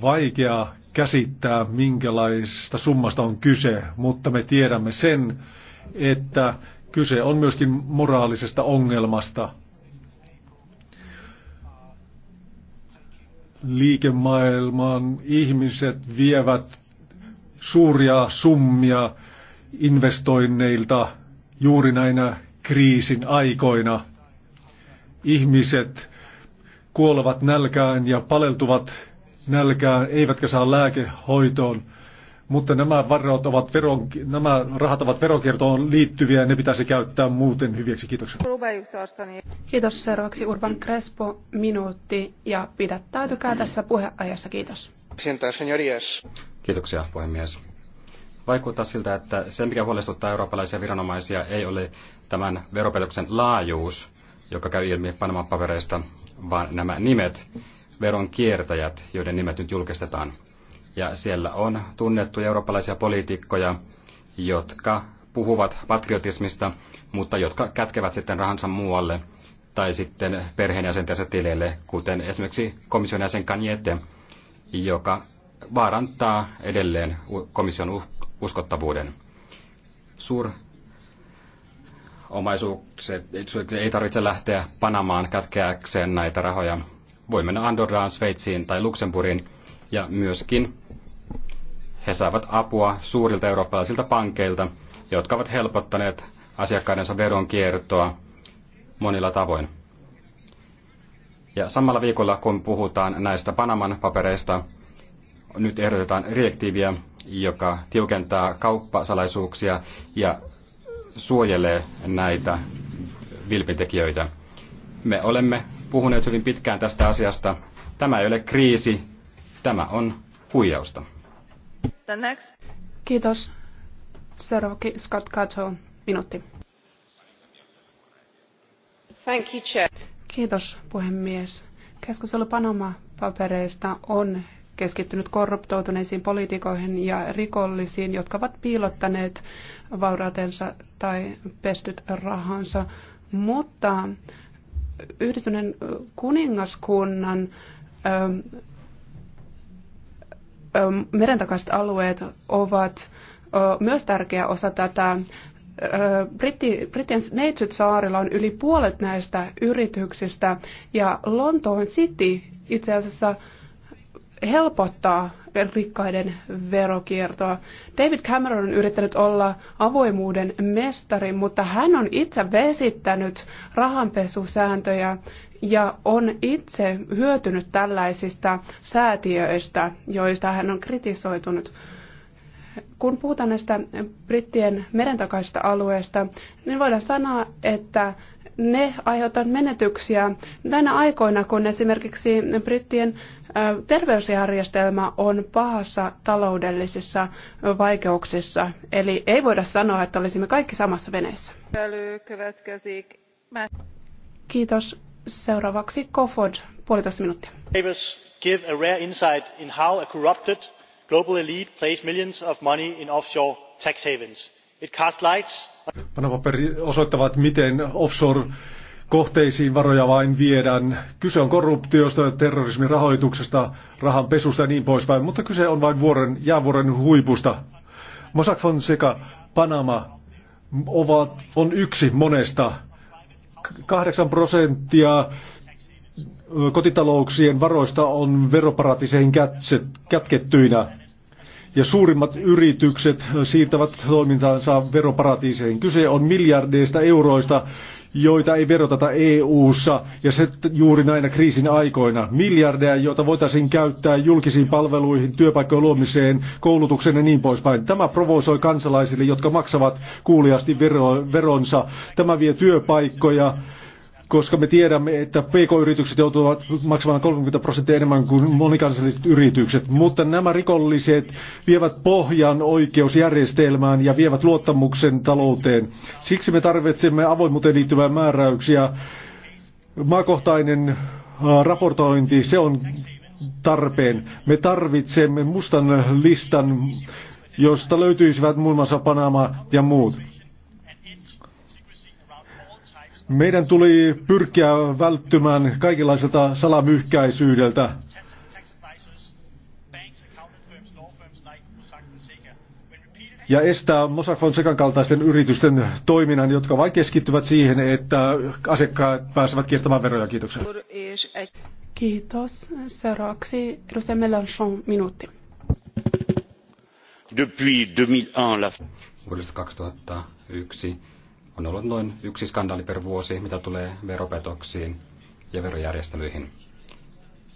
Vaikea käsittää, minkälaista summasta on kyse, mutta me tiedämme sen, että kyse on myöskin moraalisesta ongelmasta – liikemaailmaan ihmiset vievät suuria summia investoinneilta juuri näinä kriisin aikoina. Ihmiset kuolevat nälkään ja paleltuvat nälkään, eivätkä saa lääkehoitoon mutta nämä, varot ovat veron, nämä rahat ovat verokiertoon liittyviä ja ne pitäisi käyttää muuten hyviäksi. Kiitoksia. Kiitos. Seuraavaksi Urban Crespo, minuutti ja pidättäytykää tässä puheajassa. Kiitos. Kiitoksia puhemies. Vaikuttaa siltä, että se mikä huolestuttaa eurooppalaisia viranomaisia ei ole tämän veropetoksen laajuus, joka käy ilmi Panaman papereista, vaan nämä nimet, veronkiertäjät, joiden nimet nyt julkistetaan. Ja siellä on tunnettuja eurooppalaisia poliitikkoja, jotka puhuvat patriotismista, mutta jotka kätkevät sitten rahansa muualle tai sitten perheenjäsentensä tileille, kuten esimerkiksi komission jäsen Kanjete, joka vaarantaa edelleen komission uskottavuuden. Suur omaisuukset ei tarvitse lähteä Panamaan kätkeäkseen näitä rahoja. Voi mennä Andorraan, Sveitsiin tai Luxemburgiin, ja myöskin he saavat apua suurilta eurooppalaisilta pankeilta, jotka ovat helpottaneet asiakkaidensa veronkiertoa monilla tavoin. Ja samalla viikolla, kun puhutaan näistä Panaman papereista, nyt ehdotetaan direktiiviä, joka tiukentaa kauppasalaisuuksia ja suojelee näitä vilpintekijöitä. Me olemme puhuneet hyvin pitkään tästä asiasta. Tämä ei ole kriisi Tämä on huijausta. Kiitos. Seuraavaksi Scott Cato, minuutti. Thank you, Chair. Kiitos puhemies. Keskustelu Panama-papereista on keskittynyt korruptoituneisiin poliitikoihin ja rikollisiin, jotka ovat piilottaneet vaurautensa tai pestyt rahansa. Mutta yhdistyneen kuningaskunnan merentakaiset alueet ovat myös tärkeä osa tätä. Britti, Britin Neitsyt-saarilla on yli puolet näistä yrityksistä ja Lontoon City itse asiassa helpottaa rikkaiden verokiertoa. David Cameron on yrittänyt olla avoimuuden mestari, mutta hän on itse vesittänyt rahanpesusääntöjä ja on itse hyötynyt tällaisista säätiöistä, joista hän on kritisoitunut. Kun puhutaan näistä brittien merentakaisista alueista, niin voidaan sanoa, että ne aiheuttavat menetyksiä näinä aikoina, kun esimerkiksi brittien terveysjärjestelmä on pahassa taloudellisissa vaikeuksissa. Eli ei voida sanoa, että olisimme kaikki samassa veneessä. Kiitos. Seuraavaksi Kofod, puolitoista minuuttia. give a rare insight in how a corrupted global elite plays millions of money in offshore tax havens Panamapaperi osoittavat, miten offshore-kohteisiin varoja vain viedään. Kyse on korruptiosta, terrorismin rahoituksesta, rahan pesusta ja niin poispäin, mutta kyse on vain vuoren, jäävuoren huipusta. Mossack Fonseca, Panama ovat, on yksi monesta. 8 prosenttia kotitalouksien varoista on veroparatiiseihin kätkettyinä ja suurimmat yritykset siirtävät toimintaansa veroparatiiseihin. Kyse on miljardeista euroista, joita ei veroteta EU-ssa ja se juuri näinä kriisin aikoina. Miljardeja, joita voitaisiin käyttää julkisiin palveluihin, työpaikkojen luomiseen, koulutukseen ja niin poispäin. Tämä provosoi kansalaisille, jotka maksavat kuuliasti vero, veronsa. Tämä vie työpaikkoja koska me tiedämme, että PK-yritykset joutuvat maksamaan 30 prosenttia enemmän kuin monikansalliset yritykset, mutta nämä rikolliset vievät pohjan oikeusjärjestelmään ja vievät luottamuksen talouteen. Siksi me tarvitsemme avoimuuteen liittyvää määräyksiä. Maakohtainen raportointi, se on tarpeen. Me tarvitsemme mustan listan, josta löytyisivät muun muassa Panama ja muut. Meidän tuli pyrkiä välttymään kaikenlaiselta salamyhkäisyydeltä. ja estää Mossack Fonsecan kaltaisten yritysten toiminnan, jotka vain keskittyvät siihen, että asiakkaat pääsevät kiertämään veroja. Kiitoksia. Kiitos. Seuraavaksi edustaja Mélenchon minuutti. Depuis 2001, la... Vuodesta 2001 on ollut noin yksi skandaali per vuosi, mitä tulee veropetoksiin ja verojärjestelyihin.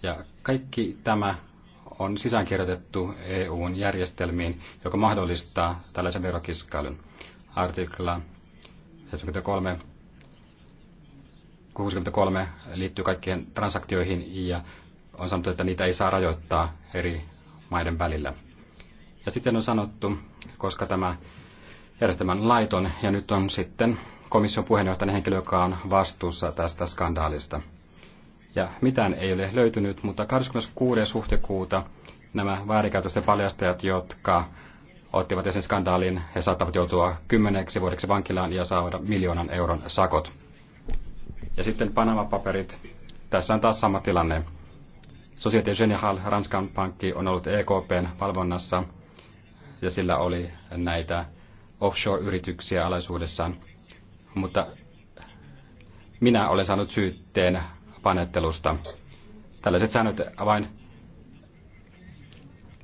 Ja kaikki tämä on sisäänkirjoitettu EUn järjestelmiin, joka mahdollistaa tällaisen verokiskailun. Artikla 73, 63 liittyy kaikkien transaktioihin ja on sanottu, että niitä ei saa rajoittaa eri maiden välillä. Ja sitten on sanottu, koska tämä järjestelmän laiton ja nyt on sitten komission puheenjohtajan henkilö, joka on vastuussa tästä skandaalista. Ja mitään ei ole löytynyt, mutta 26. huhtikuuta nämä väärinkäytösten paljastajat, jotka ottivat esiin skandaalin, he saattavat joutua kymmeneksi vuodeksi vankilaan ja saada miljoonan euron sakot. Ja sitten Panama-paperit. Tässä on taas sama tilanne. Société Générale, Ranskan pankki, on ollut EKPn valvonnassa ja sillä oli näitä offshore-yrityksiä alaisuudessaan, mutta minä olen saanut syytteen panettelusta. Tällaiset säännöt vain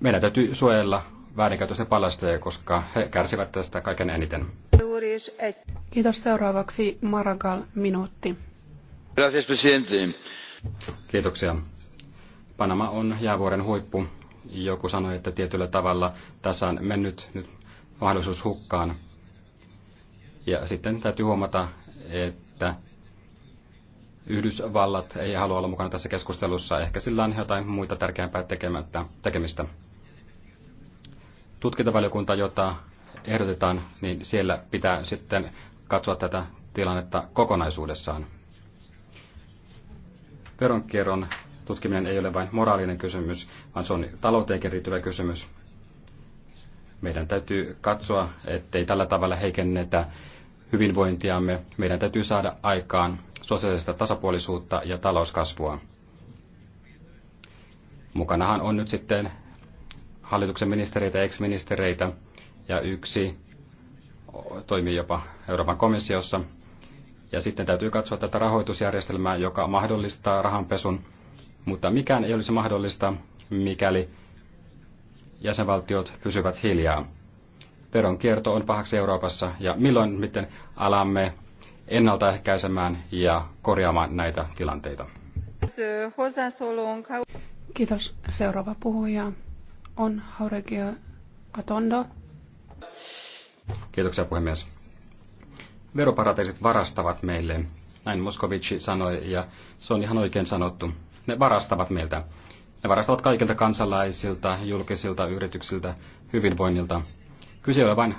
meidän täytyy suojella väärinkäytöisen palastajia, koska he kärsivät tästä kaiken eniten. Kiitos. Seuraavaksi Maragal minuutti. Kiitoksia. Panama on jäävuoren huippu. Joku sanoi, että tietyllä tavalla tässä on mennyt nyt mahdollisuus hukkaan. Ja sitten täytyy huomata, että Yhdysvallat ei halua olla mukana tässä keskustelussa. Ehkä sillä on jotain muita tärkeämpää tekemättä, tekemistä. Tutkintavaliokunta, jota ehdotetaan, niin siellä pitää sitten katsoa tätä tilannetta kokonaisuudessaan. Veronkierron tutkiminen ei ole vain moraalinen kysymys, vaan se on talouteenkin riittyvä kysymys. Meidän täytyy katsoa, ettei tällä tavalla heikennetä hyvinvointiamme. Meidän täytyy saada aikaan sosiaalista tasapuolisuutta ja talouskasvua. Mukanahan on nyt sitten hallituksen ministereitä ja ex-ministereitä ja yksi toimii jopa Euroopan komissiossa. Ja sitten täytyy katsoa tätä rahoitusjärjestelmää, joka mahdollistaa rahanpesun, mutta mikään ei olisi mahdollista, mikäli jäsenvaltiot pysyvät hiljaa. Veronkierto on pahaksi Euroopassa ja milloin miten alamme ennaltaehkäisemään ja korjaamaan näitä tilanteita. Kiitos. Seuraava puhuja on Hauregio Atondo. Kiitoksia puhemies. Veroparatiisit varastavat meille, näin Moskovici sanoi, ja se on ihan oikein sanottu. Ne varastavat meiltä. Ne varastavat kaikilta kansalaisilta, julkisilta yrityksiltä, hyvinvoinnilta. Kyse ei ole vain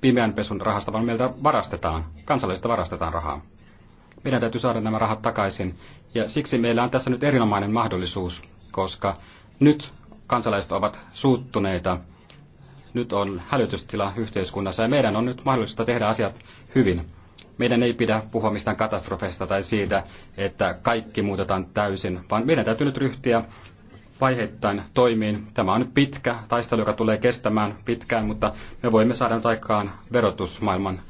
pimeän pesun rahasta, vaan meiltä varastetaan, kansalaisilta varastetaan rahaa. Meidän täytyy saada nämä rahat takaisin, ja siksi meillä on tässä nyt erinomainen mahdollisuus, koska nyt kansalaiset ovat suuttuneita, nyt on hälytystila yhteiskunnassa, ja meidän on nyt mahdollista tehdä asiat hyvin. Meidän ei pidä puhua mistään katastrofeista tai siitä, että kaikki muutetaan täysin, vaan meidän täytyy nyt ryhtyä vaiheittain toimiin. Tämä on pitkä taistelu, joka tulee kestämään pitkään, mutta me voimme saada nyt aikaan verotusmaailman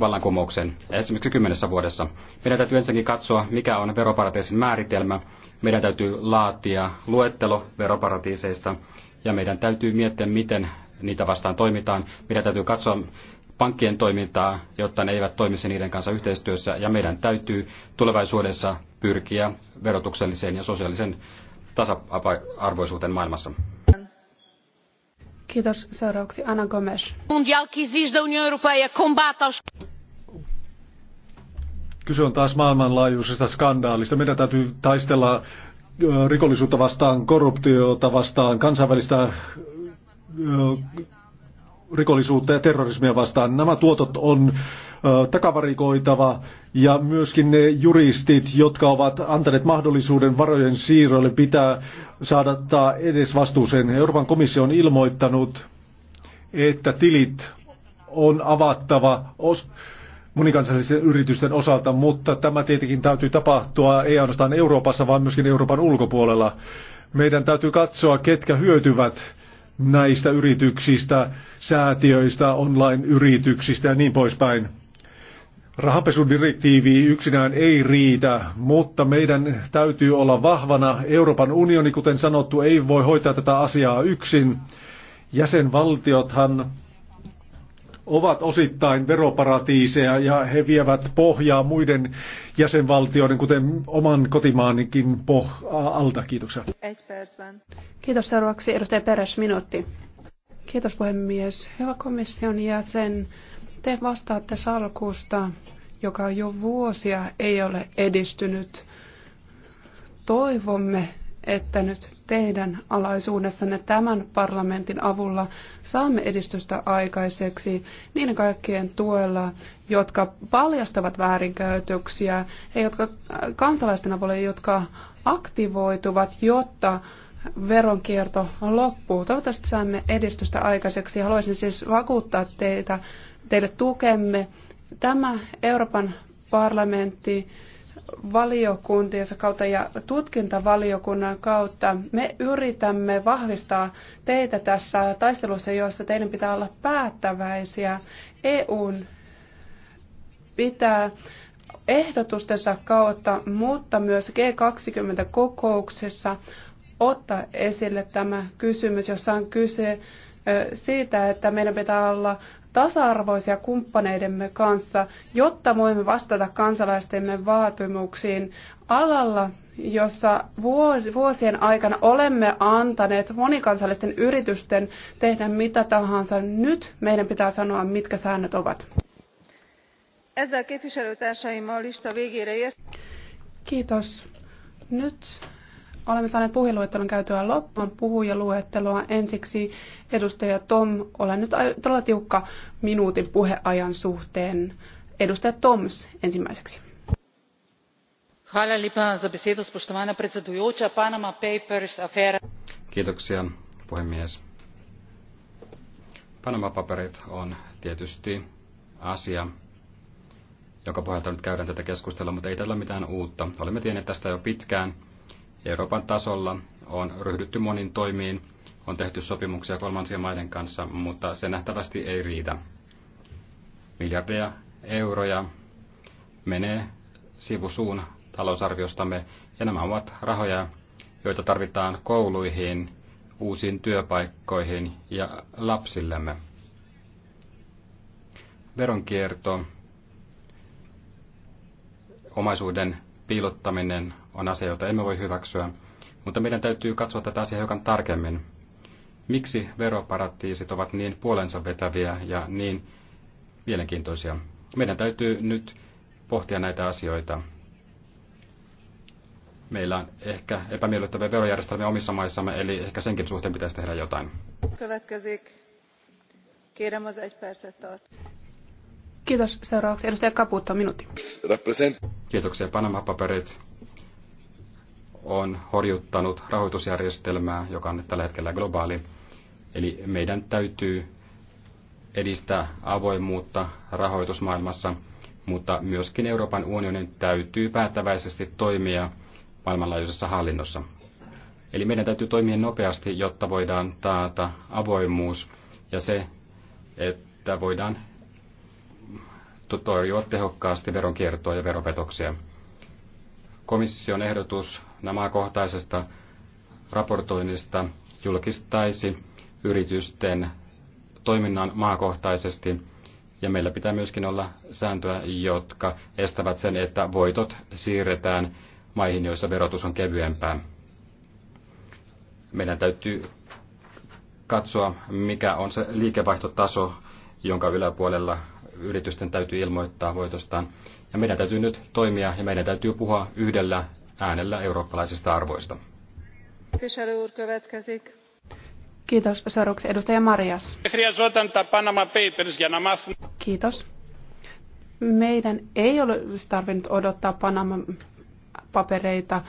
vallankumouksen esimerkiksi kymmenessä vuodessa. Meidän täytyy ensinnäkin katsoa, mikä on veroparatiisin määritelmä. Meidän täytyy laatia luettelo veroparatiiseista ja meidän täytyy miettiä, miten niitä vastaan toimitaan. Meidän täytyy katsoa pankkien toimintaa, jotta ne eivät toimisi niiden kanssa yhteistyössä, ja meidän täytyy tulevaisuudessa pyrkiä verotukselliseen ja sosiaaliseen tasa-arvoisuuteen maailmassa. Kiitos. Seuraavaksi Anna Gomes. Kyse on taas maailmanlaajuisesta skandaalista. Meidän täytyy taistella rikollisuutta vastaan, korruptiota vastaan, kansainvälistä rikollisuutta ja terrorismia vastaan. Nämä tuotot on takavarikoitava ja myöskin ne juristit, jotka ovat antaneet mahdollisuuden varojen siirroille, pitää saada edes vastuuseen. Euroopan komissio on ilmoittanut, että tilit on avattava os- monikansallisten yritysten osalta, mutta tämä tietenkin täytyy tapahtua ei ainoastaan Euroopassa, vaan myöskin Euroopan ulkopuolella. Meidän täytyy katsoa, ketkä hyötyvät näistä yrityksistä, säätiöistä, online-yrityksistä ja niin poispäin. Rahanpesudirektiivi yksinään ei riitä, mutta meidän täytyy olla vahvana. Euroopan unioni, kuten sanottu, ei voi hoitaa tätä asiaa yksin. Jäsenvaltiothan ovat osittain veroparatiiseja ja he vievät pohjaa muiden jäsenvaltioiden, kuten oman kotimaanikin poh- alta. Kiitoksia. Kiitos seuraavaksi edustaja Peres, minuutti. Kiitos puhemies. Hyvä komission jäsen te vastaatte salkusta, joka jo vuosia ei ole edistynyt. Toivomme, että nyt teidän alaisuudessanne tämän parlamentin avulla saamme edistystä aikaiseksi niiden kaikkien tuella, jotka paljastavat väärinkäytöksiä ja jotka äh, kansalaisten avulla, jotka aktivoituvat, jotta veronkierto loppuu. Toivottavasti saamme edistystä aikaiseksi. Haluaisin siis vakuuttaa teitä teille tukemme. Tämä Euroopan parlamentti valiokuntiensa kautta ja tutkintavaliokunnan kautta me yritämme vahvistaa teitä tässä taistelussa, jossa teidän pitää olla päättäväisiä. EUn pitää ehdotustensa kautta, mutta myös G20-kokouksessa ottaa esille tämä kysymys, jossa on kyse siitä, että meidän pitää olla tasa-arvoisia kumppaneidemme kanssa, jotta voimme vastata kansalaistemme vaatimuksiin alalla, jossa vuosien aikana olemme antaneet monikansallisten yritysten tehdä mitä tahansa. Nyt meidän pitää sanoa, mitkä säännöt ovat. Kiitos. Nyt Olemme saaneet puhujaluettelon käytyä loppuun puhujaluetteloa. Ensiksi edustaja Tom, olen nyt todella tiukka minuutin puheajan suhteen. Edustaja Toms ensimmäiseksi. Kiitoksia, puhemies. Panama-paperit on tietysti asia, joka pohjalta nyt käydään tätä keskustelua, mutta ei tällä mitään uutta. Olemme tienneet tästä jo pitkään Euroopan tasolla on ryhdytty monin toimiin, on tehty sopimuksia kolmansien maiden kanssa, mutta se nähtävästi ei riitä. Miljardeja euroja menee sivusuun talousarviostamme, ja nämä ovat rahoja, joita tarvitaan kouluihin, uusiin työpaikkoihin ja lapsillemme. Veronkierto, omaisuuden piilottaminen on asia, jota emme voi hyväksyä, mutta meidän täytyy katsoa tätä asiaa hiukan tarkemmin. Miksi veroparatiisit ovat niin puolensa vetäviä ja niin mielenkiintoisia? Meidän täytyy nyt pohtia näitä asioita. Meillä on ehkä epämiellyttäviä verojärjestelmiä omissa maissamme, eli ehkä senkin suhteen pitäisi tehdä jotain. Kiitos. Seuraavaksi edustaja Kaputta, minuutti. Kiitoksia. Panama-paperit on horjuttanut rahoitusjärjestelmää, joka on tällä hetkellä globaali. Eli meidän täytyy edistää avoimuutta rahoitusmaailmassa, mutta myöskin Euroopan unionin täytyy päättäväisesti toimia maailmanlaajuisessa hallinnossa. Eli meidän täytyy toimia nopeasti, jotta voidaan taata avoimuus ja se, että voidaan torjua tehokkaasti veronkiertoa ja veropetoksia. Komission ehdotus Nämä maakohtaisesta raportoinnista julkistaisi yritysten toiminnan maakohtaisesti. Ja meillä pitää myöskin olla sääntöjä, jotka estävät sen, että voitot siirretään maihin, joissa verotus on kevyempää. Meidän täytyy katsoa, mikä on se liikevaihtotaso, jonka yläpuolella yritysten täytyy ilmoittaa voitostaan. Ja meidän täytyy nyt toimia ja meidän täytyy puhua yhdellä äänellä eurooppalaisista arvoista. Kiitos. Seuraavaksi edustaja Marias. Kiitos. Meidän ei ole siis tarvinnut odottaa Panaman papereita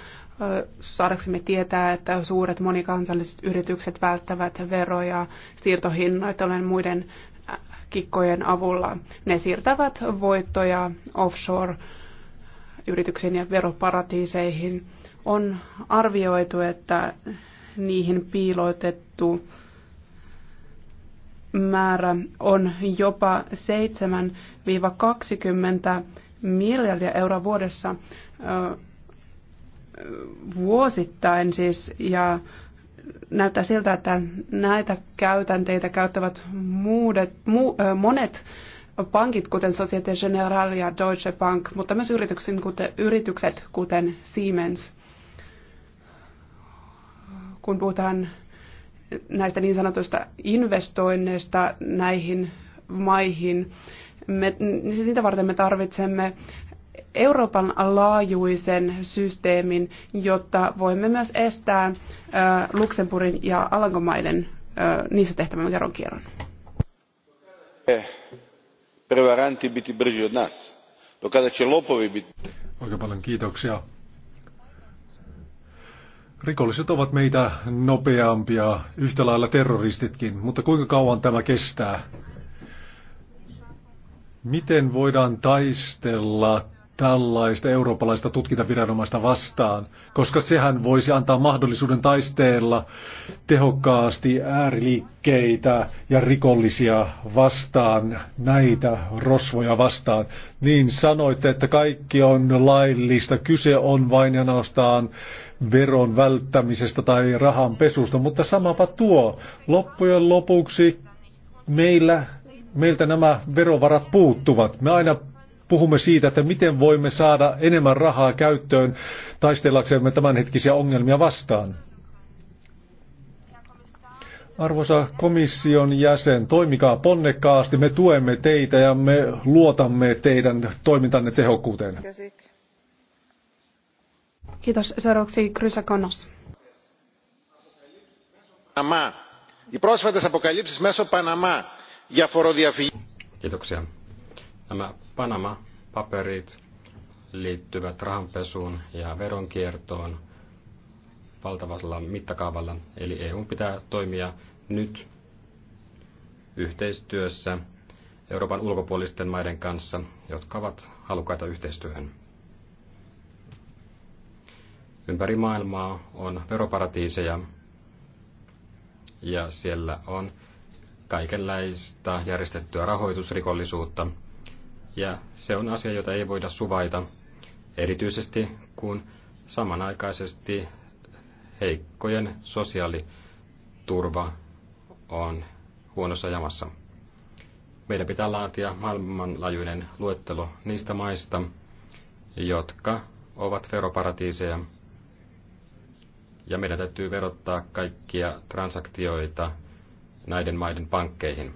saadaksemme tietää, että suuret monikansalliset yritykset välttävät veroja, siirtohinnoitellen muiden kikkojen avulla. Ne siirtävät voittoja offshore yrityksiin ja veroparatiiseihin. On arvioitu, että niihin piilotettu määrä on jopa 7-20 miljardia euroa vuodessa vuosittain siis, ja näyttää siltä, että näitä käytänteitä käyttävät muudet, mu, monet pankit, kuten Societe Generale ja Deutsche Bank, mutta myös yritykset, kuten, yritykset, kuten Siemens. Kun puhutaan näistä niin sanotuista investoinneista näihin maihin, me, niin sitä varten me tarvitsemme Euroopan laajuisen systeemin, jotta voimme myös estää Luxemburgin ja Alankomaiden niissä tehtävän veronkierron. Eh prevaranti biti brži od nas? do kada će lopovi biti... Oikein paljon kiitoksia. Rikolliset ovat meitä nopeampia, yhtä lailla terroristitkin, mutta kuinka kauan tämä kestää? Miten voidaan taistella tällaista eurooppalaista tutkintaviranomaista vastaan, koska sehän voisi antaa mahdollisuuden taisteella tehokkaasti ääriliikkeitä ja rikollisia vastaan, näitä rosvoja vastaan. Niin sanoitte, että kaikki on laillista, kyse on vain ja nostaan veron välttämisestä tai rahan pesusta, mutta samapa tuo. Loppujen lopuksi meillä, meiltä nämä verovarat puuttuvat. Me aina puhumme siitä, että miten voimme saada enemmän rahaa käyttöön taistellaksemme tämänhetkisiä ongelmia vastaan. Arvoisa komission jäsen, toimikaa ponnekkaasti. Me tuemme teitä ja me luotamme teidän toimintanne tehokkuuteen. Kiitos. Seuraavaksi Krysakonos. Παναμά. Οι πρόσφατες αποκαλύψεις μέσω Παναμά για φοροδιαφυγή. Κοίταξε. Nämä Panama-paperit liittyvät rahanpesuun ja veronkiertoon valtavalla mittakaavalla, eli EU pitää toimia nyt yhteistyössä Euroopan ulkopuolisten maiden kanssa, jotka ovat halukkaita yhteistyöhön. Ympäri maailmaa on veroparatiiseja ja siellä on kaikenlaista järjestettyä rahoitusrikollisuutta, ja se on asia, jota ei voida suvaita, erityisesti kun samanaikaisesti heikkojen sosiaaliturva on huonossa jamassa. Meidän pitää laatia maailmanlaajuinen luettelo niistä maista, jotka ovat veroparatiiseja. Ja meidän täytyy verottaa kaikkia transaktioita näiden maiden pankkeihin.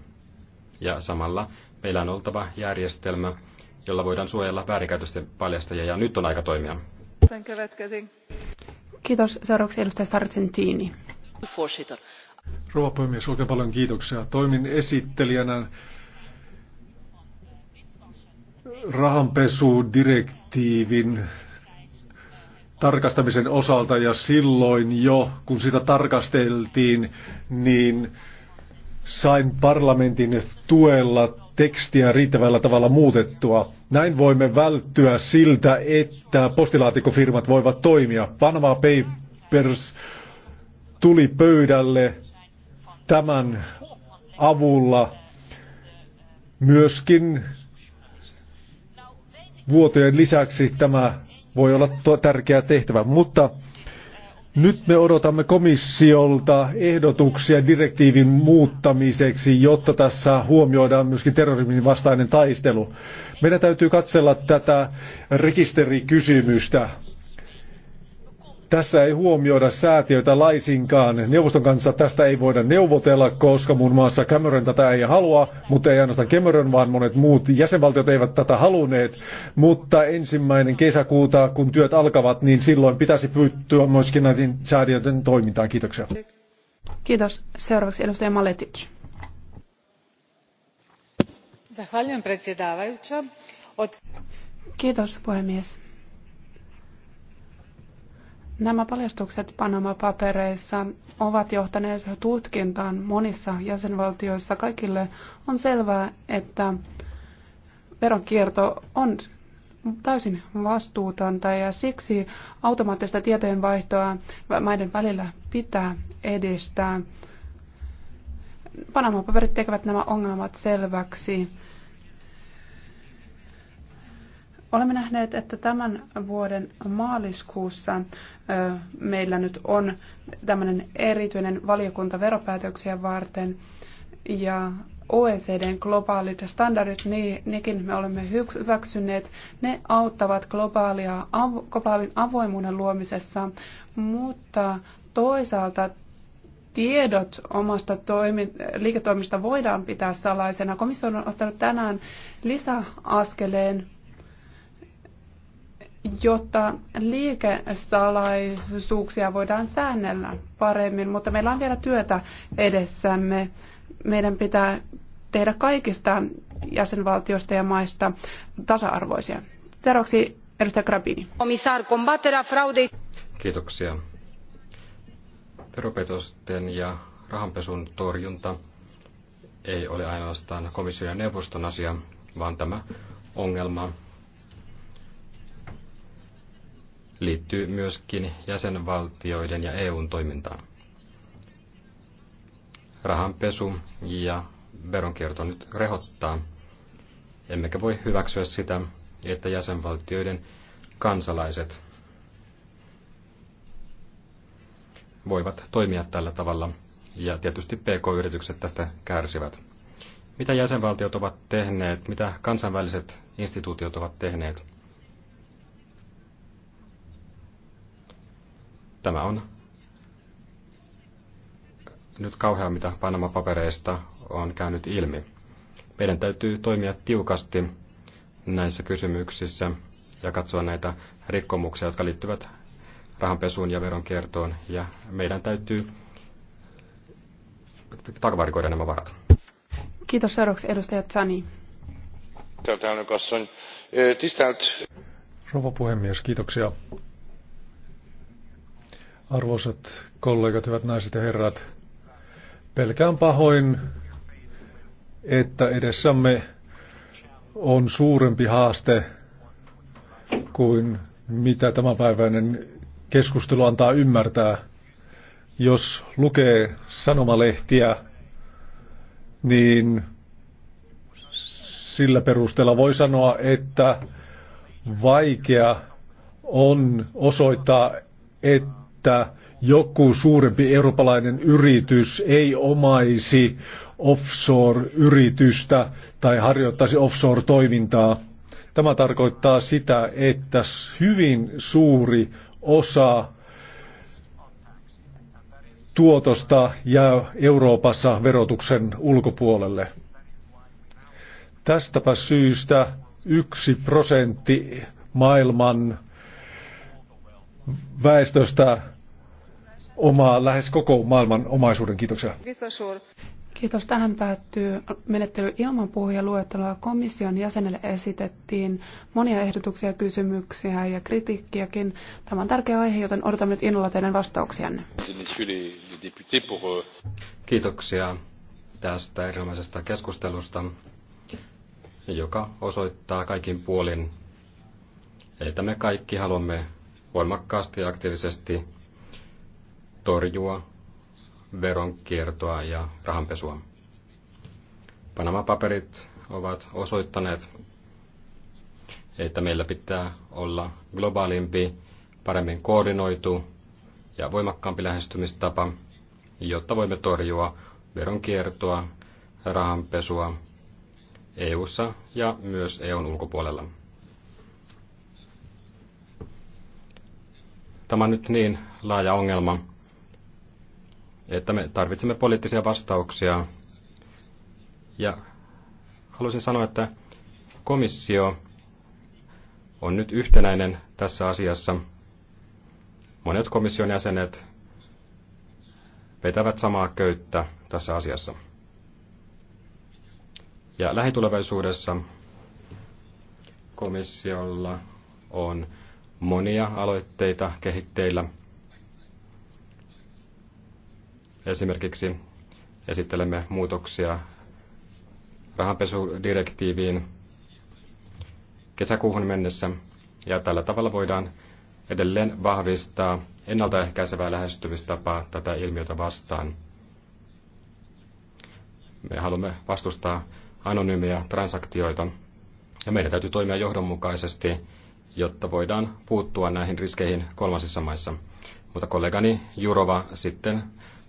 Ja samalla Meillä on oltava järjestelmä, jolla voidaan suojella väärinkäytösten paljastajia, ja nyt on aika toimia. Kiitos. Seuraavaksi edustaja Sargentini. Rouva puhemies, oikein paljon kiitoksia. Toimin esittelijänä rahanpesudirektiivin tarkastamisen osalta ja silloin jo, kun sitä tarkasteltiin, niin sain parlamentin tuella tekstiä riittävällä tavalla muutettua. Näin voimme välttyä siltä, että postilaatikofirmat voivat toimia. Panama Papers tuli pöydälle tämän avulla myöskin vuotojen lisäksi tämä voi olla tärkeä tehtävä, mutta nyt me odotamme komissiolta ehdotuksia direktiivin muuttamiseksi, jotta tässä huomioidaan myöskin terrorismin vastainen taistelu. Meidän täytyy katsella tätä rekisterikysymystä. Tässä ei huomioida säätiöitä laisinkaan. Neuvoston kanssa tästä ei voida neuvotella, koska muun muassa Cameron tätä ei halua, mutta ei ainoastaan Cameron, vaan monet muut jäsenvaltiot eivät tätä halunneet. Mutta ensimmäinen kesäkuuta, kun työt alkavat, niin silloin pitäisi pyyttyä myöskin näiden säätiöiden toimintaan. Kiitoksia. Kiitos. Seuraavaksi edustaja Maletic. Kiitos puhemies Nämä paljastukset Panama-papereissa ovat johtaneet tutkintaan monissa jäsenvaltioissa. Kaikille on selvää, että veronkierto on täysin vastuutonta ja siksi automaattista tietojenvaihtoa maiden välillä pitää edistää. Panama-paperit tekevät nämä ongelmat selväksi. Olemme nähneet, että tämän vuoden maaliskuussa meillä nyt on tämmöinen erityinen valiokunta veropäätöksiä varten ja OECDn globaalit standardit, nekin me olemme hyväksyneet, ne auttavat globaalia, globaalin avoimuuden luomisessa, mutta toisaalta tiedot omasta toimi, liiketoimista voidaan pitää salaisena. Komissio on ottanut tänään lisäaskeleen jotta liikesalaisuuksia voidaan säännellä paremmin, mutta meillä on vielä työtä edessämme. Meidän pitää tehdä kaikista jäsenvaltioista ja maista tasa-arvoisia. Seuraavaksi edustaja Grabini. Komissar, combaterea Kiitoksia. Veropetosten ja rahanpesun torjunta ei ole ainoastaan komission ja neuvoston asia, vaan tämä ongelma liittyy myöskin jäsenvaltioiden ja EUn toimintaan. Rahanpesu ja veronkierto nyt rehottaa, emmekä voi hyväksyä sitä, että jäsenvaltioiden kansalaiset voivat toimia tällä tavalla, ja tietysti PK-yritykset tästä kärsivät. Mitä jäsenvaltiot ovat tehneet, mitä kansainväliset instituutiot ovat tehneet, Tämä on nyt kauhea, mitä Panama-papereista on käynyt ilmi. Meidän täytyy toimia tiukasti näissä kysymyksissä ja katsoa näitä rikkomuksia, jotka liittyvät rahanpesuun ja veronkiertoon, ja meidän täytyy takavarikoida nämä varat. Kiitos seuraavaksi edustaja Tsani. Tisztelt elnök Rouva puhemies, kiitoksia. Arvoisat kollegat, hyvät naiset ja herrat, pelkään pahoin, että edessämme on suurempi haaste kuin mitä tämänpäiväinen keskustelu antaa ymmärtää. Jos lukee sanomalehtiä, niin sillä perusteella voi sanoa, että vaikea on osoittaa, että että joku suurempi eurooppalainen yritys ei omaisi offshore-yritystä tai harjoittaisi offshore-toimintaa. Tämä tarkoittaa sitä, että hyvin suuri osa tuotosta jää Euroopassa verotuksen ulkopuolelle. Tästäpä syystä yksi prosentti maailman väestöstä omaa lähes koko maailman omaisuuden. Kiitoksia. Kiitos. Tähän päättyy menettely ilman puhujaluetteloa. Komission jäsenelle esitettiin monia ehdotuksia, kysymyksiä ja kritiikkiäkin. Tämä on tärkeä aihe, joten odotamme nyt innolla teidän vastauksianne. Kiitoksia tästä erinomaisesta keskustelusta, joka osoittaa kaikin puolin, että me kaikki haluamme voimakkaasti ja aktiivisesti torjua veronkiertoa ja rahanpesua. Panama-paperit ovat osoittaneet, että meillä pitää olla globaalimpi, paremmin koordinoitu ja voimakkaampi lähestymistapa, jotta voimme torjua veronkiertoa, rahanpesua EU:ssa ja myös EUn ulkopuolella. Tämä on nyt niin laaja ongelma, että me tarvitsemme poliittisia vastauksia. Ja haluaisin sanoa, että komissio on nyt yhtenäinen tässä asiassa. Monet komission jäsenet vetävät samaa köyttä tässä asiassa. Ja lähitulevaisuudessa komissiolla on monia aloitteita kehitteillä. Esimerkiksi esittelemme muutoksia rahanpesudirektiiviin kesäkuuhun mennessä, ja tällä tavalla voidaan edelleen vahvistaa ennaltaehkäisevää lähestymistapaa tätä ilmiötä vastaan. Me haluamme vastustaa anonyymiä transaktioita, ja meidän täytyy toimia johdonmukaisesti jotta voidaan puuttua näihin riskeihin kolmansissa maissa. Mutta kollegani Jurova sitten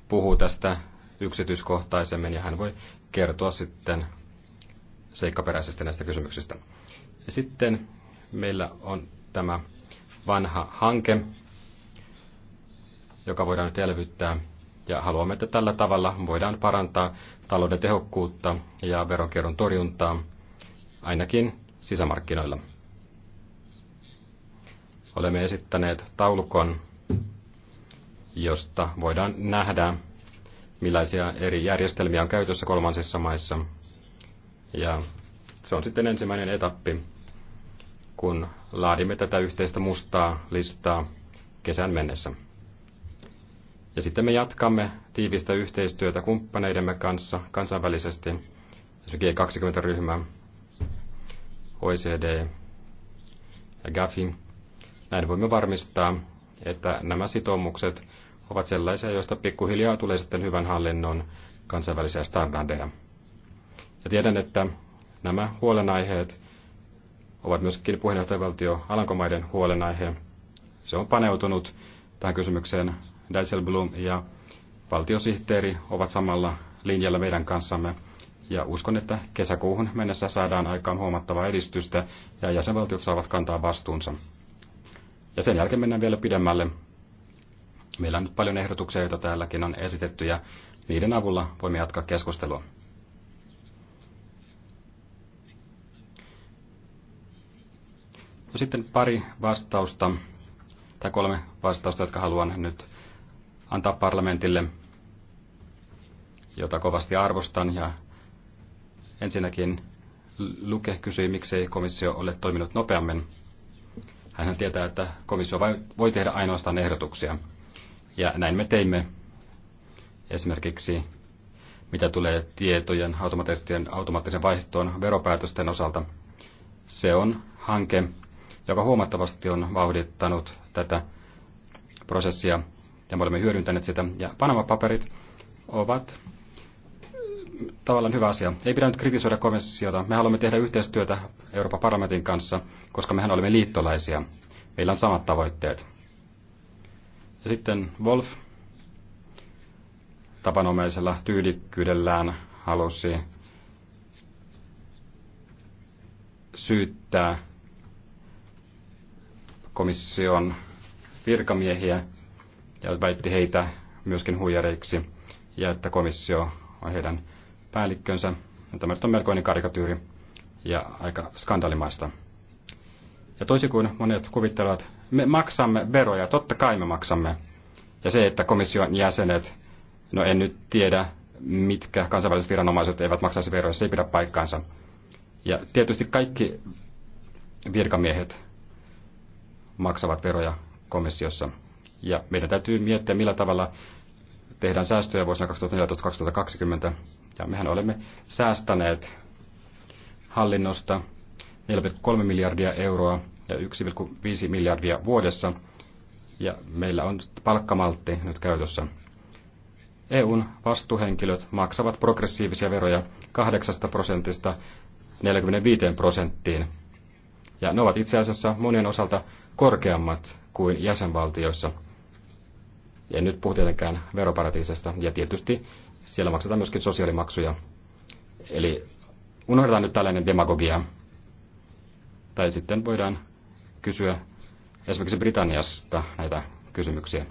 puhuu tästä yksityiskohtaisemmin ja hän voi kertoa sitten seikkaperäisesti näistä kysymyksistä. Ja sitten meillä on tämä vanha hanke, joka voidaan nyt elvyttää. Ja haluamme, että tällä tavalla voidaan parantaa talouden tehokkuutta ja veronkierron torjuntaa, ainakin sisämarkkinoilla. Olemme esittäneet taulukon, josta voidaan nähdä, millaisia eri järjestelmiä on käytössä kolmansissa maissa. Ja se on sitten ensimmäinen etappi, kun laadimme tätä yhteistä mustaa listaa kesän mennessä. Ja sitten me jatkamme tiivistä yhteistyötä kumppaneidemme kanssa kansainvälisesti, esimerkiksi G20-ryhmä, OECD ja GAFI. Näin voimme varmistaa, että nämä sitoumukset ovat sellaisia, joista pikkuhiljaa tulee sitten hyvän hallinnon kansainvälisiä standardeja. Ja tiedän, että nämä huolenaiheet ovat myöskin puheenjohtajavaltio Alankomaiden huolenaihe. Se on paneutunut tähän kysymykseen. Dijsselbloem ja valtiosihteeri ovat samalla linjalla meidän kanssamme. Ja uskon, että kesäkuuhun mennessä saadaan aikaan huomattavaa edistystä ja jäsenvaltiot saavat kantaa vastuunsa. Ja sen jälkeen mennään vielä pidemmälle. Meillä on nyt paljon ehdotuksia, joita täälläkin on esitetty, ja niiden avulla voimme jatkaa keskustelua. No sitten pari vastausta, tai kolme vastausta, jotka haluan nyt antaa parlamentille, jota kovasti arvostan. Ja ensinnäkin Luke kysyi, miksei komissio ole toiminut nopeammin hän tietää, että komissio voi tehdä ainoastaan ehdotuksia. Ja näin me teimme esimerkiksi, mitä tulee tietojen automaattisen, automaattisen vaihtoon veropäätösten osalta. Se on hanke, joka huomattavasti on vauhdittanut tätä prosessia, ja me olemme hyödyntäneet sitä. Ja Panama-paperit ovat tavallaan hyvä asia. Ei pidä nyt kritisoida komissiota. Me haluamme tehdä yhteistyötä Euroopan parlamentin kanssa, koska mehän olemme liittolaisia. Meillä on samat tavoitteet. Ja sitten Wolf tapanomaisella tyylikkyydellään halusi syyttää komission virkamiehiä ja väitti heitä myöskin huijareiksi ja että komissio on heidän päällikkönsä. Tämä nyt on melkoinen karikatyyri ja aika skandalimaista. Ja toisin kuin monet kuvittelevat, me maksamme veroja, totta kai me maksamme. Ja se, että komission jäsenet, no en nyt tiedä, mitkä kansainväliset viranomaiset eivät maksaisi veroja, se ei pidä paikkaansa. Ja tietysti kaikki virkamiehet maksavat veroja komissiossa. Ja meidän täytyy miettiä, millä tavalla tehdään säästöjä vuosina 2014-2020. Ja mehän olemme säästäneet hallinnosta 4,3 miljardia euroa ja 1,5 miljardia vuodessa. Ja meillä on palkkamaltti nyt käytössä. EUn vastuuhenkilöt maksavat progressiivisia veroja 8 prosentista 45 prosenttiin. Ja ne ovat itse asiassa monien osalta korkeammat kuin jäsenvaltioissa. En nyt puhu tietenkään veroparatiisesta. Ja tietysti siellä maksetaan myöskin sosiaalimaksuja. Eli unohdetaan nyt tällainen demagogia. Tai sitten voidaan kysyä esimerkiksi Britanniasta näitä kysymyksiä.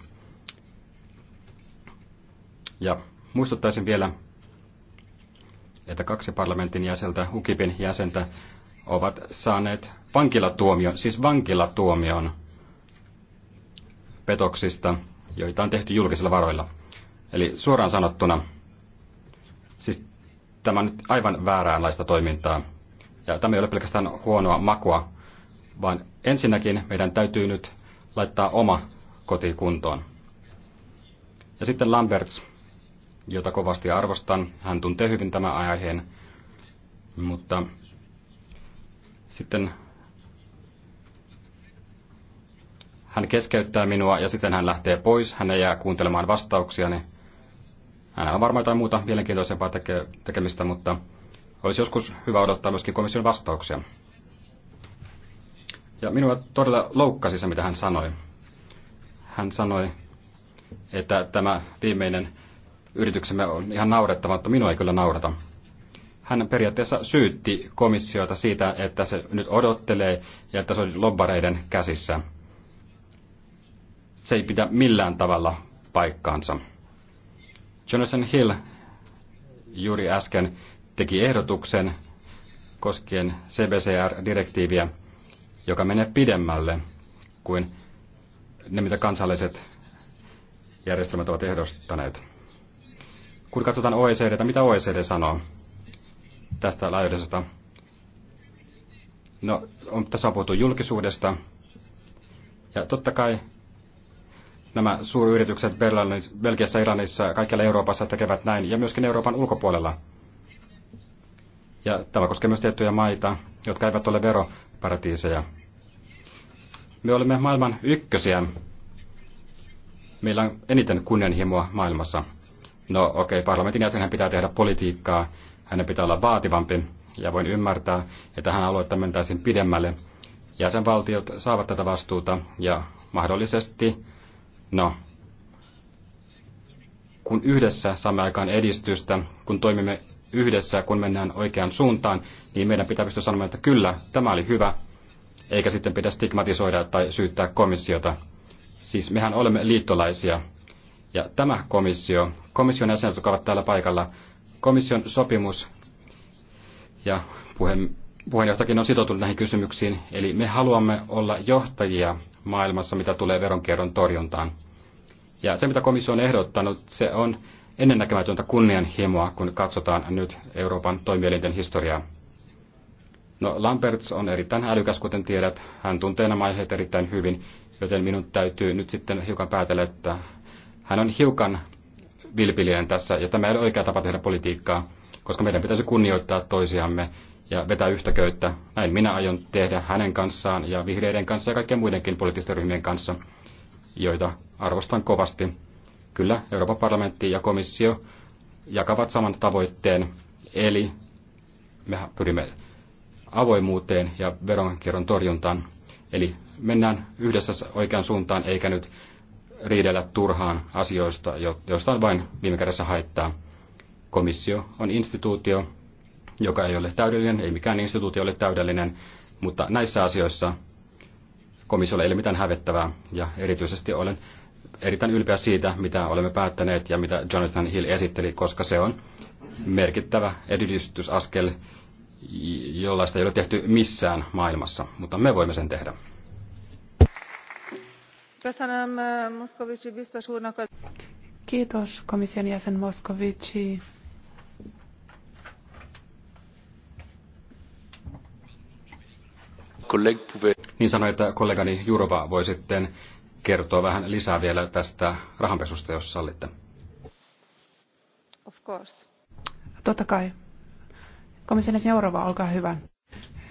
Ja muistuttaisin vielä, että kaksi parlamentin jäseltä, UKIPin jäsentä, ovat saaneet vankilatuomion, siis vankilatuomion petoksista, joita on tehty julkisilla varoilla. Eli suoraan sanottuna Siis tämä on nyt aivan vääräänlaista toimintaa. Ja tämä ei ole pelkästään huonoa makua, vaan ensinnäkin meidän täytyy nyt laittaa oma koti kuntoon. Ja sitten Lamberts, jota kovasti arvostan, hän tuntee hyvin tämän aiheen, mutta sitten hän keskeyttää minua ja sitten hän lähtee pois, hän ei jää kuuntelemaan vastauksiani. Hänellä on varmaan jotain muuta mielenkiintoisempaa teke- tekemistä, mutta olisi joskus hyvä odottaa myöskin komission vastauksia. Ja minua todella loukkasi se, mitä hän sanoi. Hän sanoi, että tämä viimeinen yrityksemme on ihan naurettava, mutta minua ei kyllä naurata. Hän periaatteessa syytti komissiota siitä, että se nyt odottelee ja että se on lobbareiden käsissä. Se ei pidä millään tavalla paikkaansa. Jonathan Hill juuri äsken teki ehdotuksen koskien CBCR-direktiiviä, joka menee pidemmälle kuin ne, mitä kansalliset järjestelmät ovat ehdostaneet. Kun katsotaan OECDtä, mitä OECD sanoo tästä laajuudesta? No, on, tässä on puhuttu julkisuudesta. Ja totta kai nämä suuryritykset Belgiassa, Iranissa, kaikkialla Euroopassa tekevät näin ja myöskin Euroopan ulkopuolella. Ja tämä koskee myös tiettyjä maita, jotka eivät ole veroparatiiseja. Me olemme maailman ykkösiä. Meillä on eniten kunnianhimoa maailmassa. No okei, okay, parlamentin jäsenhän pitää tehdä politiikkaa, hänen pitää olla vaativampi, ja voin ymmärtää, että hän haluaa, että mentäisiin pidemmälle. Jäsenvaltiot saavat tätä vastuuta, ja mahdollisesti No, kun yhdessä saamme aikaan edistystä, kun toimimme yhdessä, kun mennään oikeaan suuntaan, niin meidän pitää pystyä sanomaan, että kyllä, tämä oli hyvä, eikä sitten pidä stigmatisoida tai syyttää komissiota. Siis mehän olemme liittolaisia. Ja tämä komissio, komission jäsenet, jotka ovat täällä paikalla, komission sopimus ja puheen, puheenjohtajakin on sitoutunut näihin kysymyksiin, eli me haluamme olla johtajia maailmassa, mitä tulee veronkierron torjuntaan. Ja se, mitä komissio on ehdottanut, se on ennennäkemätöntä kunnianhimoa, kun katsotaan nyt Euroopan toimielinten historiaa. No, Lamberts on erittäin älykäs, kuten tiedät. Hän tuntee nämä aiheet erittäin hyvin, joten minun täytyy nyt sitten hiukan päätellä, että hän on hiukan vilpillinen tässä, ja tämä ei ole oikea tapa tehdä politiikkaa, koska meidän pitäisi kunnioittaa toisiamme ja vetää yhtä köyttä. Näin minä aion tehdä hänen kanssaan ja vihreiden kanssa ja kaikkien muidenkin poliittisten ryhmien kanssa, joita arvostan kovasti. Kyllä, Euroopan parlamentti ja komissio jakavat saman tavoitteen, eli me pyrimme avoimuuteen ja veronkierron torjuntaan. Eli mennään yhdessä oikean suuntaan, eikä nyt riidellä turhaan asioista, joista on vain viime kädessä haittaa. Komissio on instituutio, joka ei ole täydellinen, ei mikään instituutio ole täydellinen, mutta näissä asioissa komissiolla ei ole mitään hävettävää ja erityisesti olen erittäin ylpeä siitä, mitä olemme päättäneet ja mitä Jonathan Hill esitteli, koska se on merkittävä edistysaskel, jollaista ei ole tehty missään maailmassa, mutta me voimme sen tehdä. Eh, Kiitos komission jäsen Moskovici. Niin sanoi, että kollegani Jurova voi sitten kertoa vähän lisää vielä tästä rahanpesusta, jos sallitte. Of course. Totta kai. Komission seuraava, olkaa hyvä.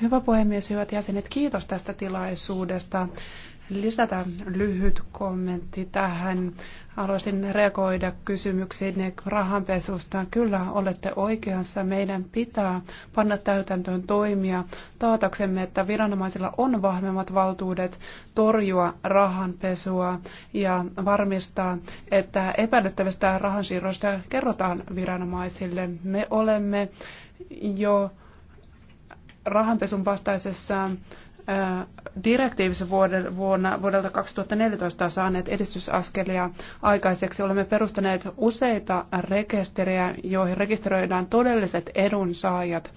Hyvä puhemies, hyvät jäsenet, kiitos tästä tilaisuudesta. Lisätään lyhyt kommentti tähän Haluaisin reagoida kysymyksiin rahanpesusta. Kyllä olette oikeassa. Meidän pitää panna täytäntöön toimia taataksemme, että viranomaisilla on vahvemmat valtuudet torjua rahanpesua ja varmistaa, että epäilyttävästä rahansiirroista kerrotaan viranomaisille. Me olemme jo rahanpesun vastaisessa direktiivissä vuonna, vuodelta 2014 saaneet edistysaskelia aikaiseksi. Olemme perustaneet useita rekisteriä, joihin rekisteröidään todelliset edunsaajat.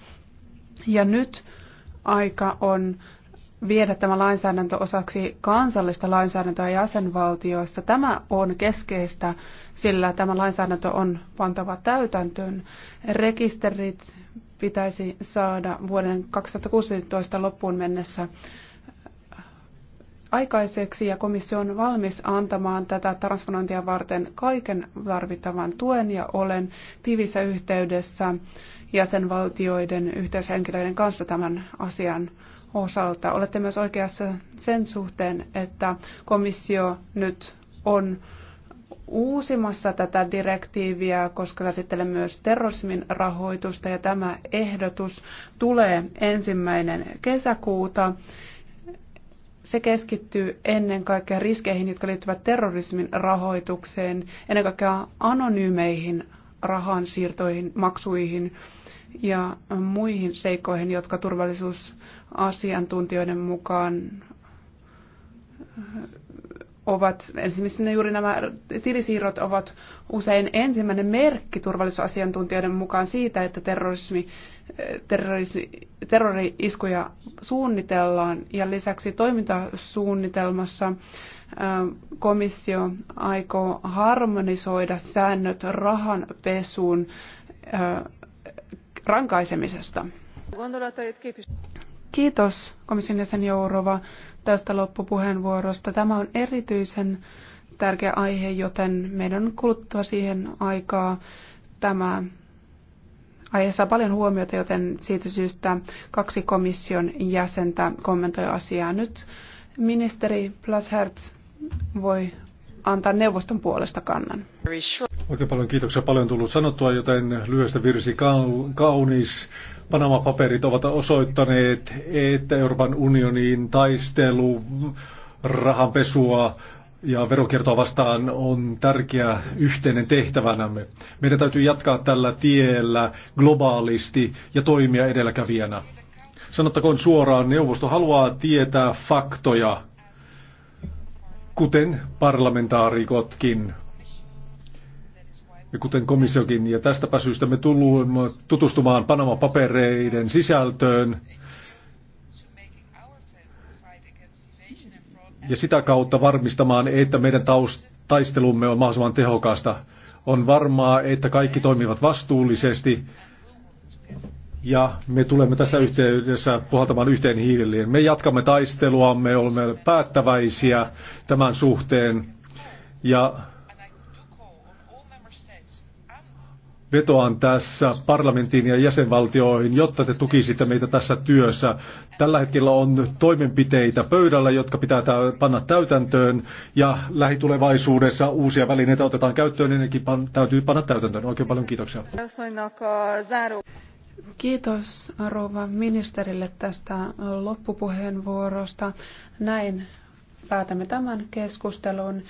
Ja nyt aika on viedä tämä lainsäädäntö osaksi kansallista lainsäädäntöä jäsenvaltioissa. Tämä on keskeistä, sillä tämä lainsäädäntö on pantava täytäntöön. Rekisterit pitäisi saada vuoden 2016 loppuun mennessä aikaiseksi ja komissio on valmis antamaan tätä transponointia varten kaiken tarvittavan tuen ja olen tiivissä yhteydessä jäsenvaltioiden yhteishenkilöiden kanssa tämän asian osalta. Olette myös oikeassa sen suhteen, että komissio nyt on uusimassa tätä direktiiviä, koska käsittelee myös terrorismin rahoitusta ja tämä ehdotus tulee ensimmäinen kesäkuuta. Se keskittyy ennen kaikkea riskeihin, jotka liittyvät terrorismin rahoitukseen, ennen kaikkea anonyymeihin rahansiirtoihin, maksuihin, ja muihin seikoihin, jotka turvallisuusasiantuntijoiden mukaan ovat, esimerkiksi juuri nämä tilisiirrot ovat usein ensimmäinen merkki turvallisuusasiantuntijoiden mukaan siitä, että terrorismi, terrorismi, terrori-iskuja suunnitellaan. Ja lisäksi toimintasuunnitelmassa ähm, komissio aikoo harmonisoida säännöt rahanpesuun äh, rankaisemisesta. Kiitos komission jäsen Jourova tästä loppupuheenvuorosta. Tämä on erityisen tärkeä aihe, joten meidän on kuluttua siihen aikaa. Tämä aihe saa paljon huomiota, joten siitä syystä kaksi komission jäsentä kommentoi asiaa. Nyt ministeri Plashertz voi antaa neuvoston puolesta kannan. Oikein paljon kiitoksia. Paljon tullut sanottua, joten lyhyestä virsi kaunis. Panama-paperit ovat osoittaneet, että Euroopan unionin taistelu rahanpesua ja verokiertoa vastaan on tärkeä yhteinen tehtävänämme. Meidän täytyy jatkaa tällä tiellä globaalisti ja toimia edelläkävijänä. Sanottakoon suoraan, neuvosto haluaa tietää faktoja kuten parlamentaarikotkin ja kuten komissiokin. Ja tästäpä syystä me tulemme tutustumaan Panama-papereiden sisältöön ja sitä kautta varmistamaan, että meidän taistelumme on mahdollisimman tehokasta. On varmaa, että kaikki toimivat vastuullisesti ja me tulemme tässä yhteydessä puhaltamaan yhteen hiiliin. Me jatkamme taistelua, me olemme päättäväisiä tämän suhteen. Ja vetoan tässä parlamenttiin ja jäsenvaltioihin, jotta te tukisitte meitä tässä työssä. Tällä hetkellä on toimenpiteitä pöydällä, jotka pitää panna täytäntöön ja lähitulevaisuudessa uusia välineitä otetaan käyttöön niin pan- täytyy panna täytäntöön. Oikein paljon kiitoksia. Kiitos rouva ministerille tästä loppupuheenvuorosta. Näin päätämme tämän keskustelun.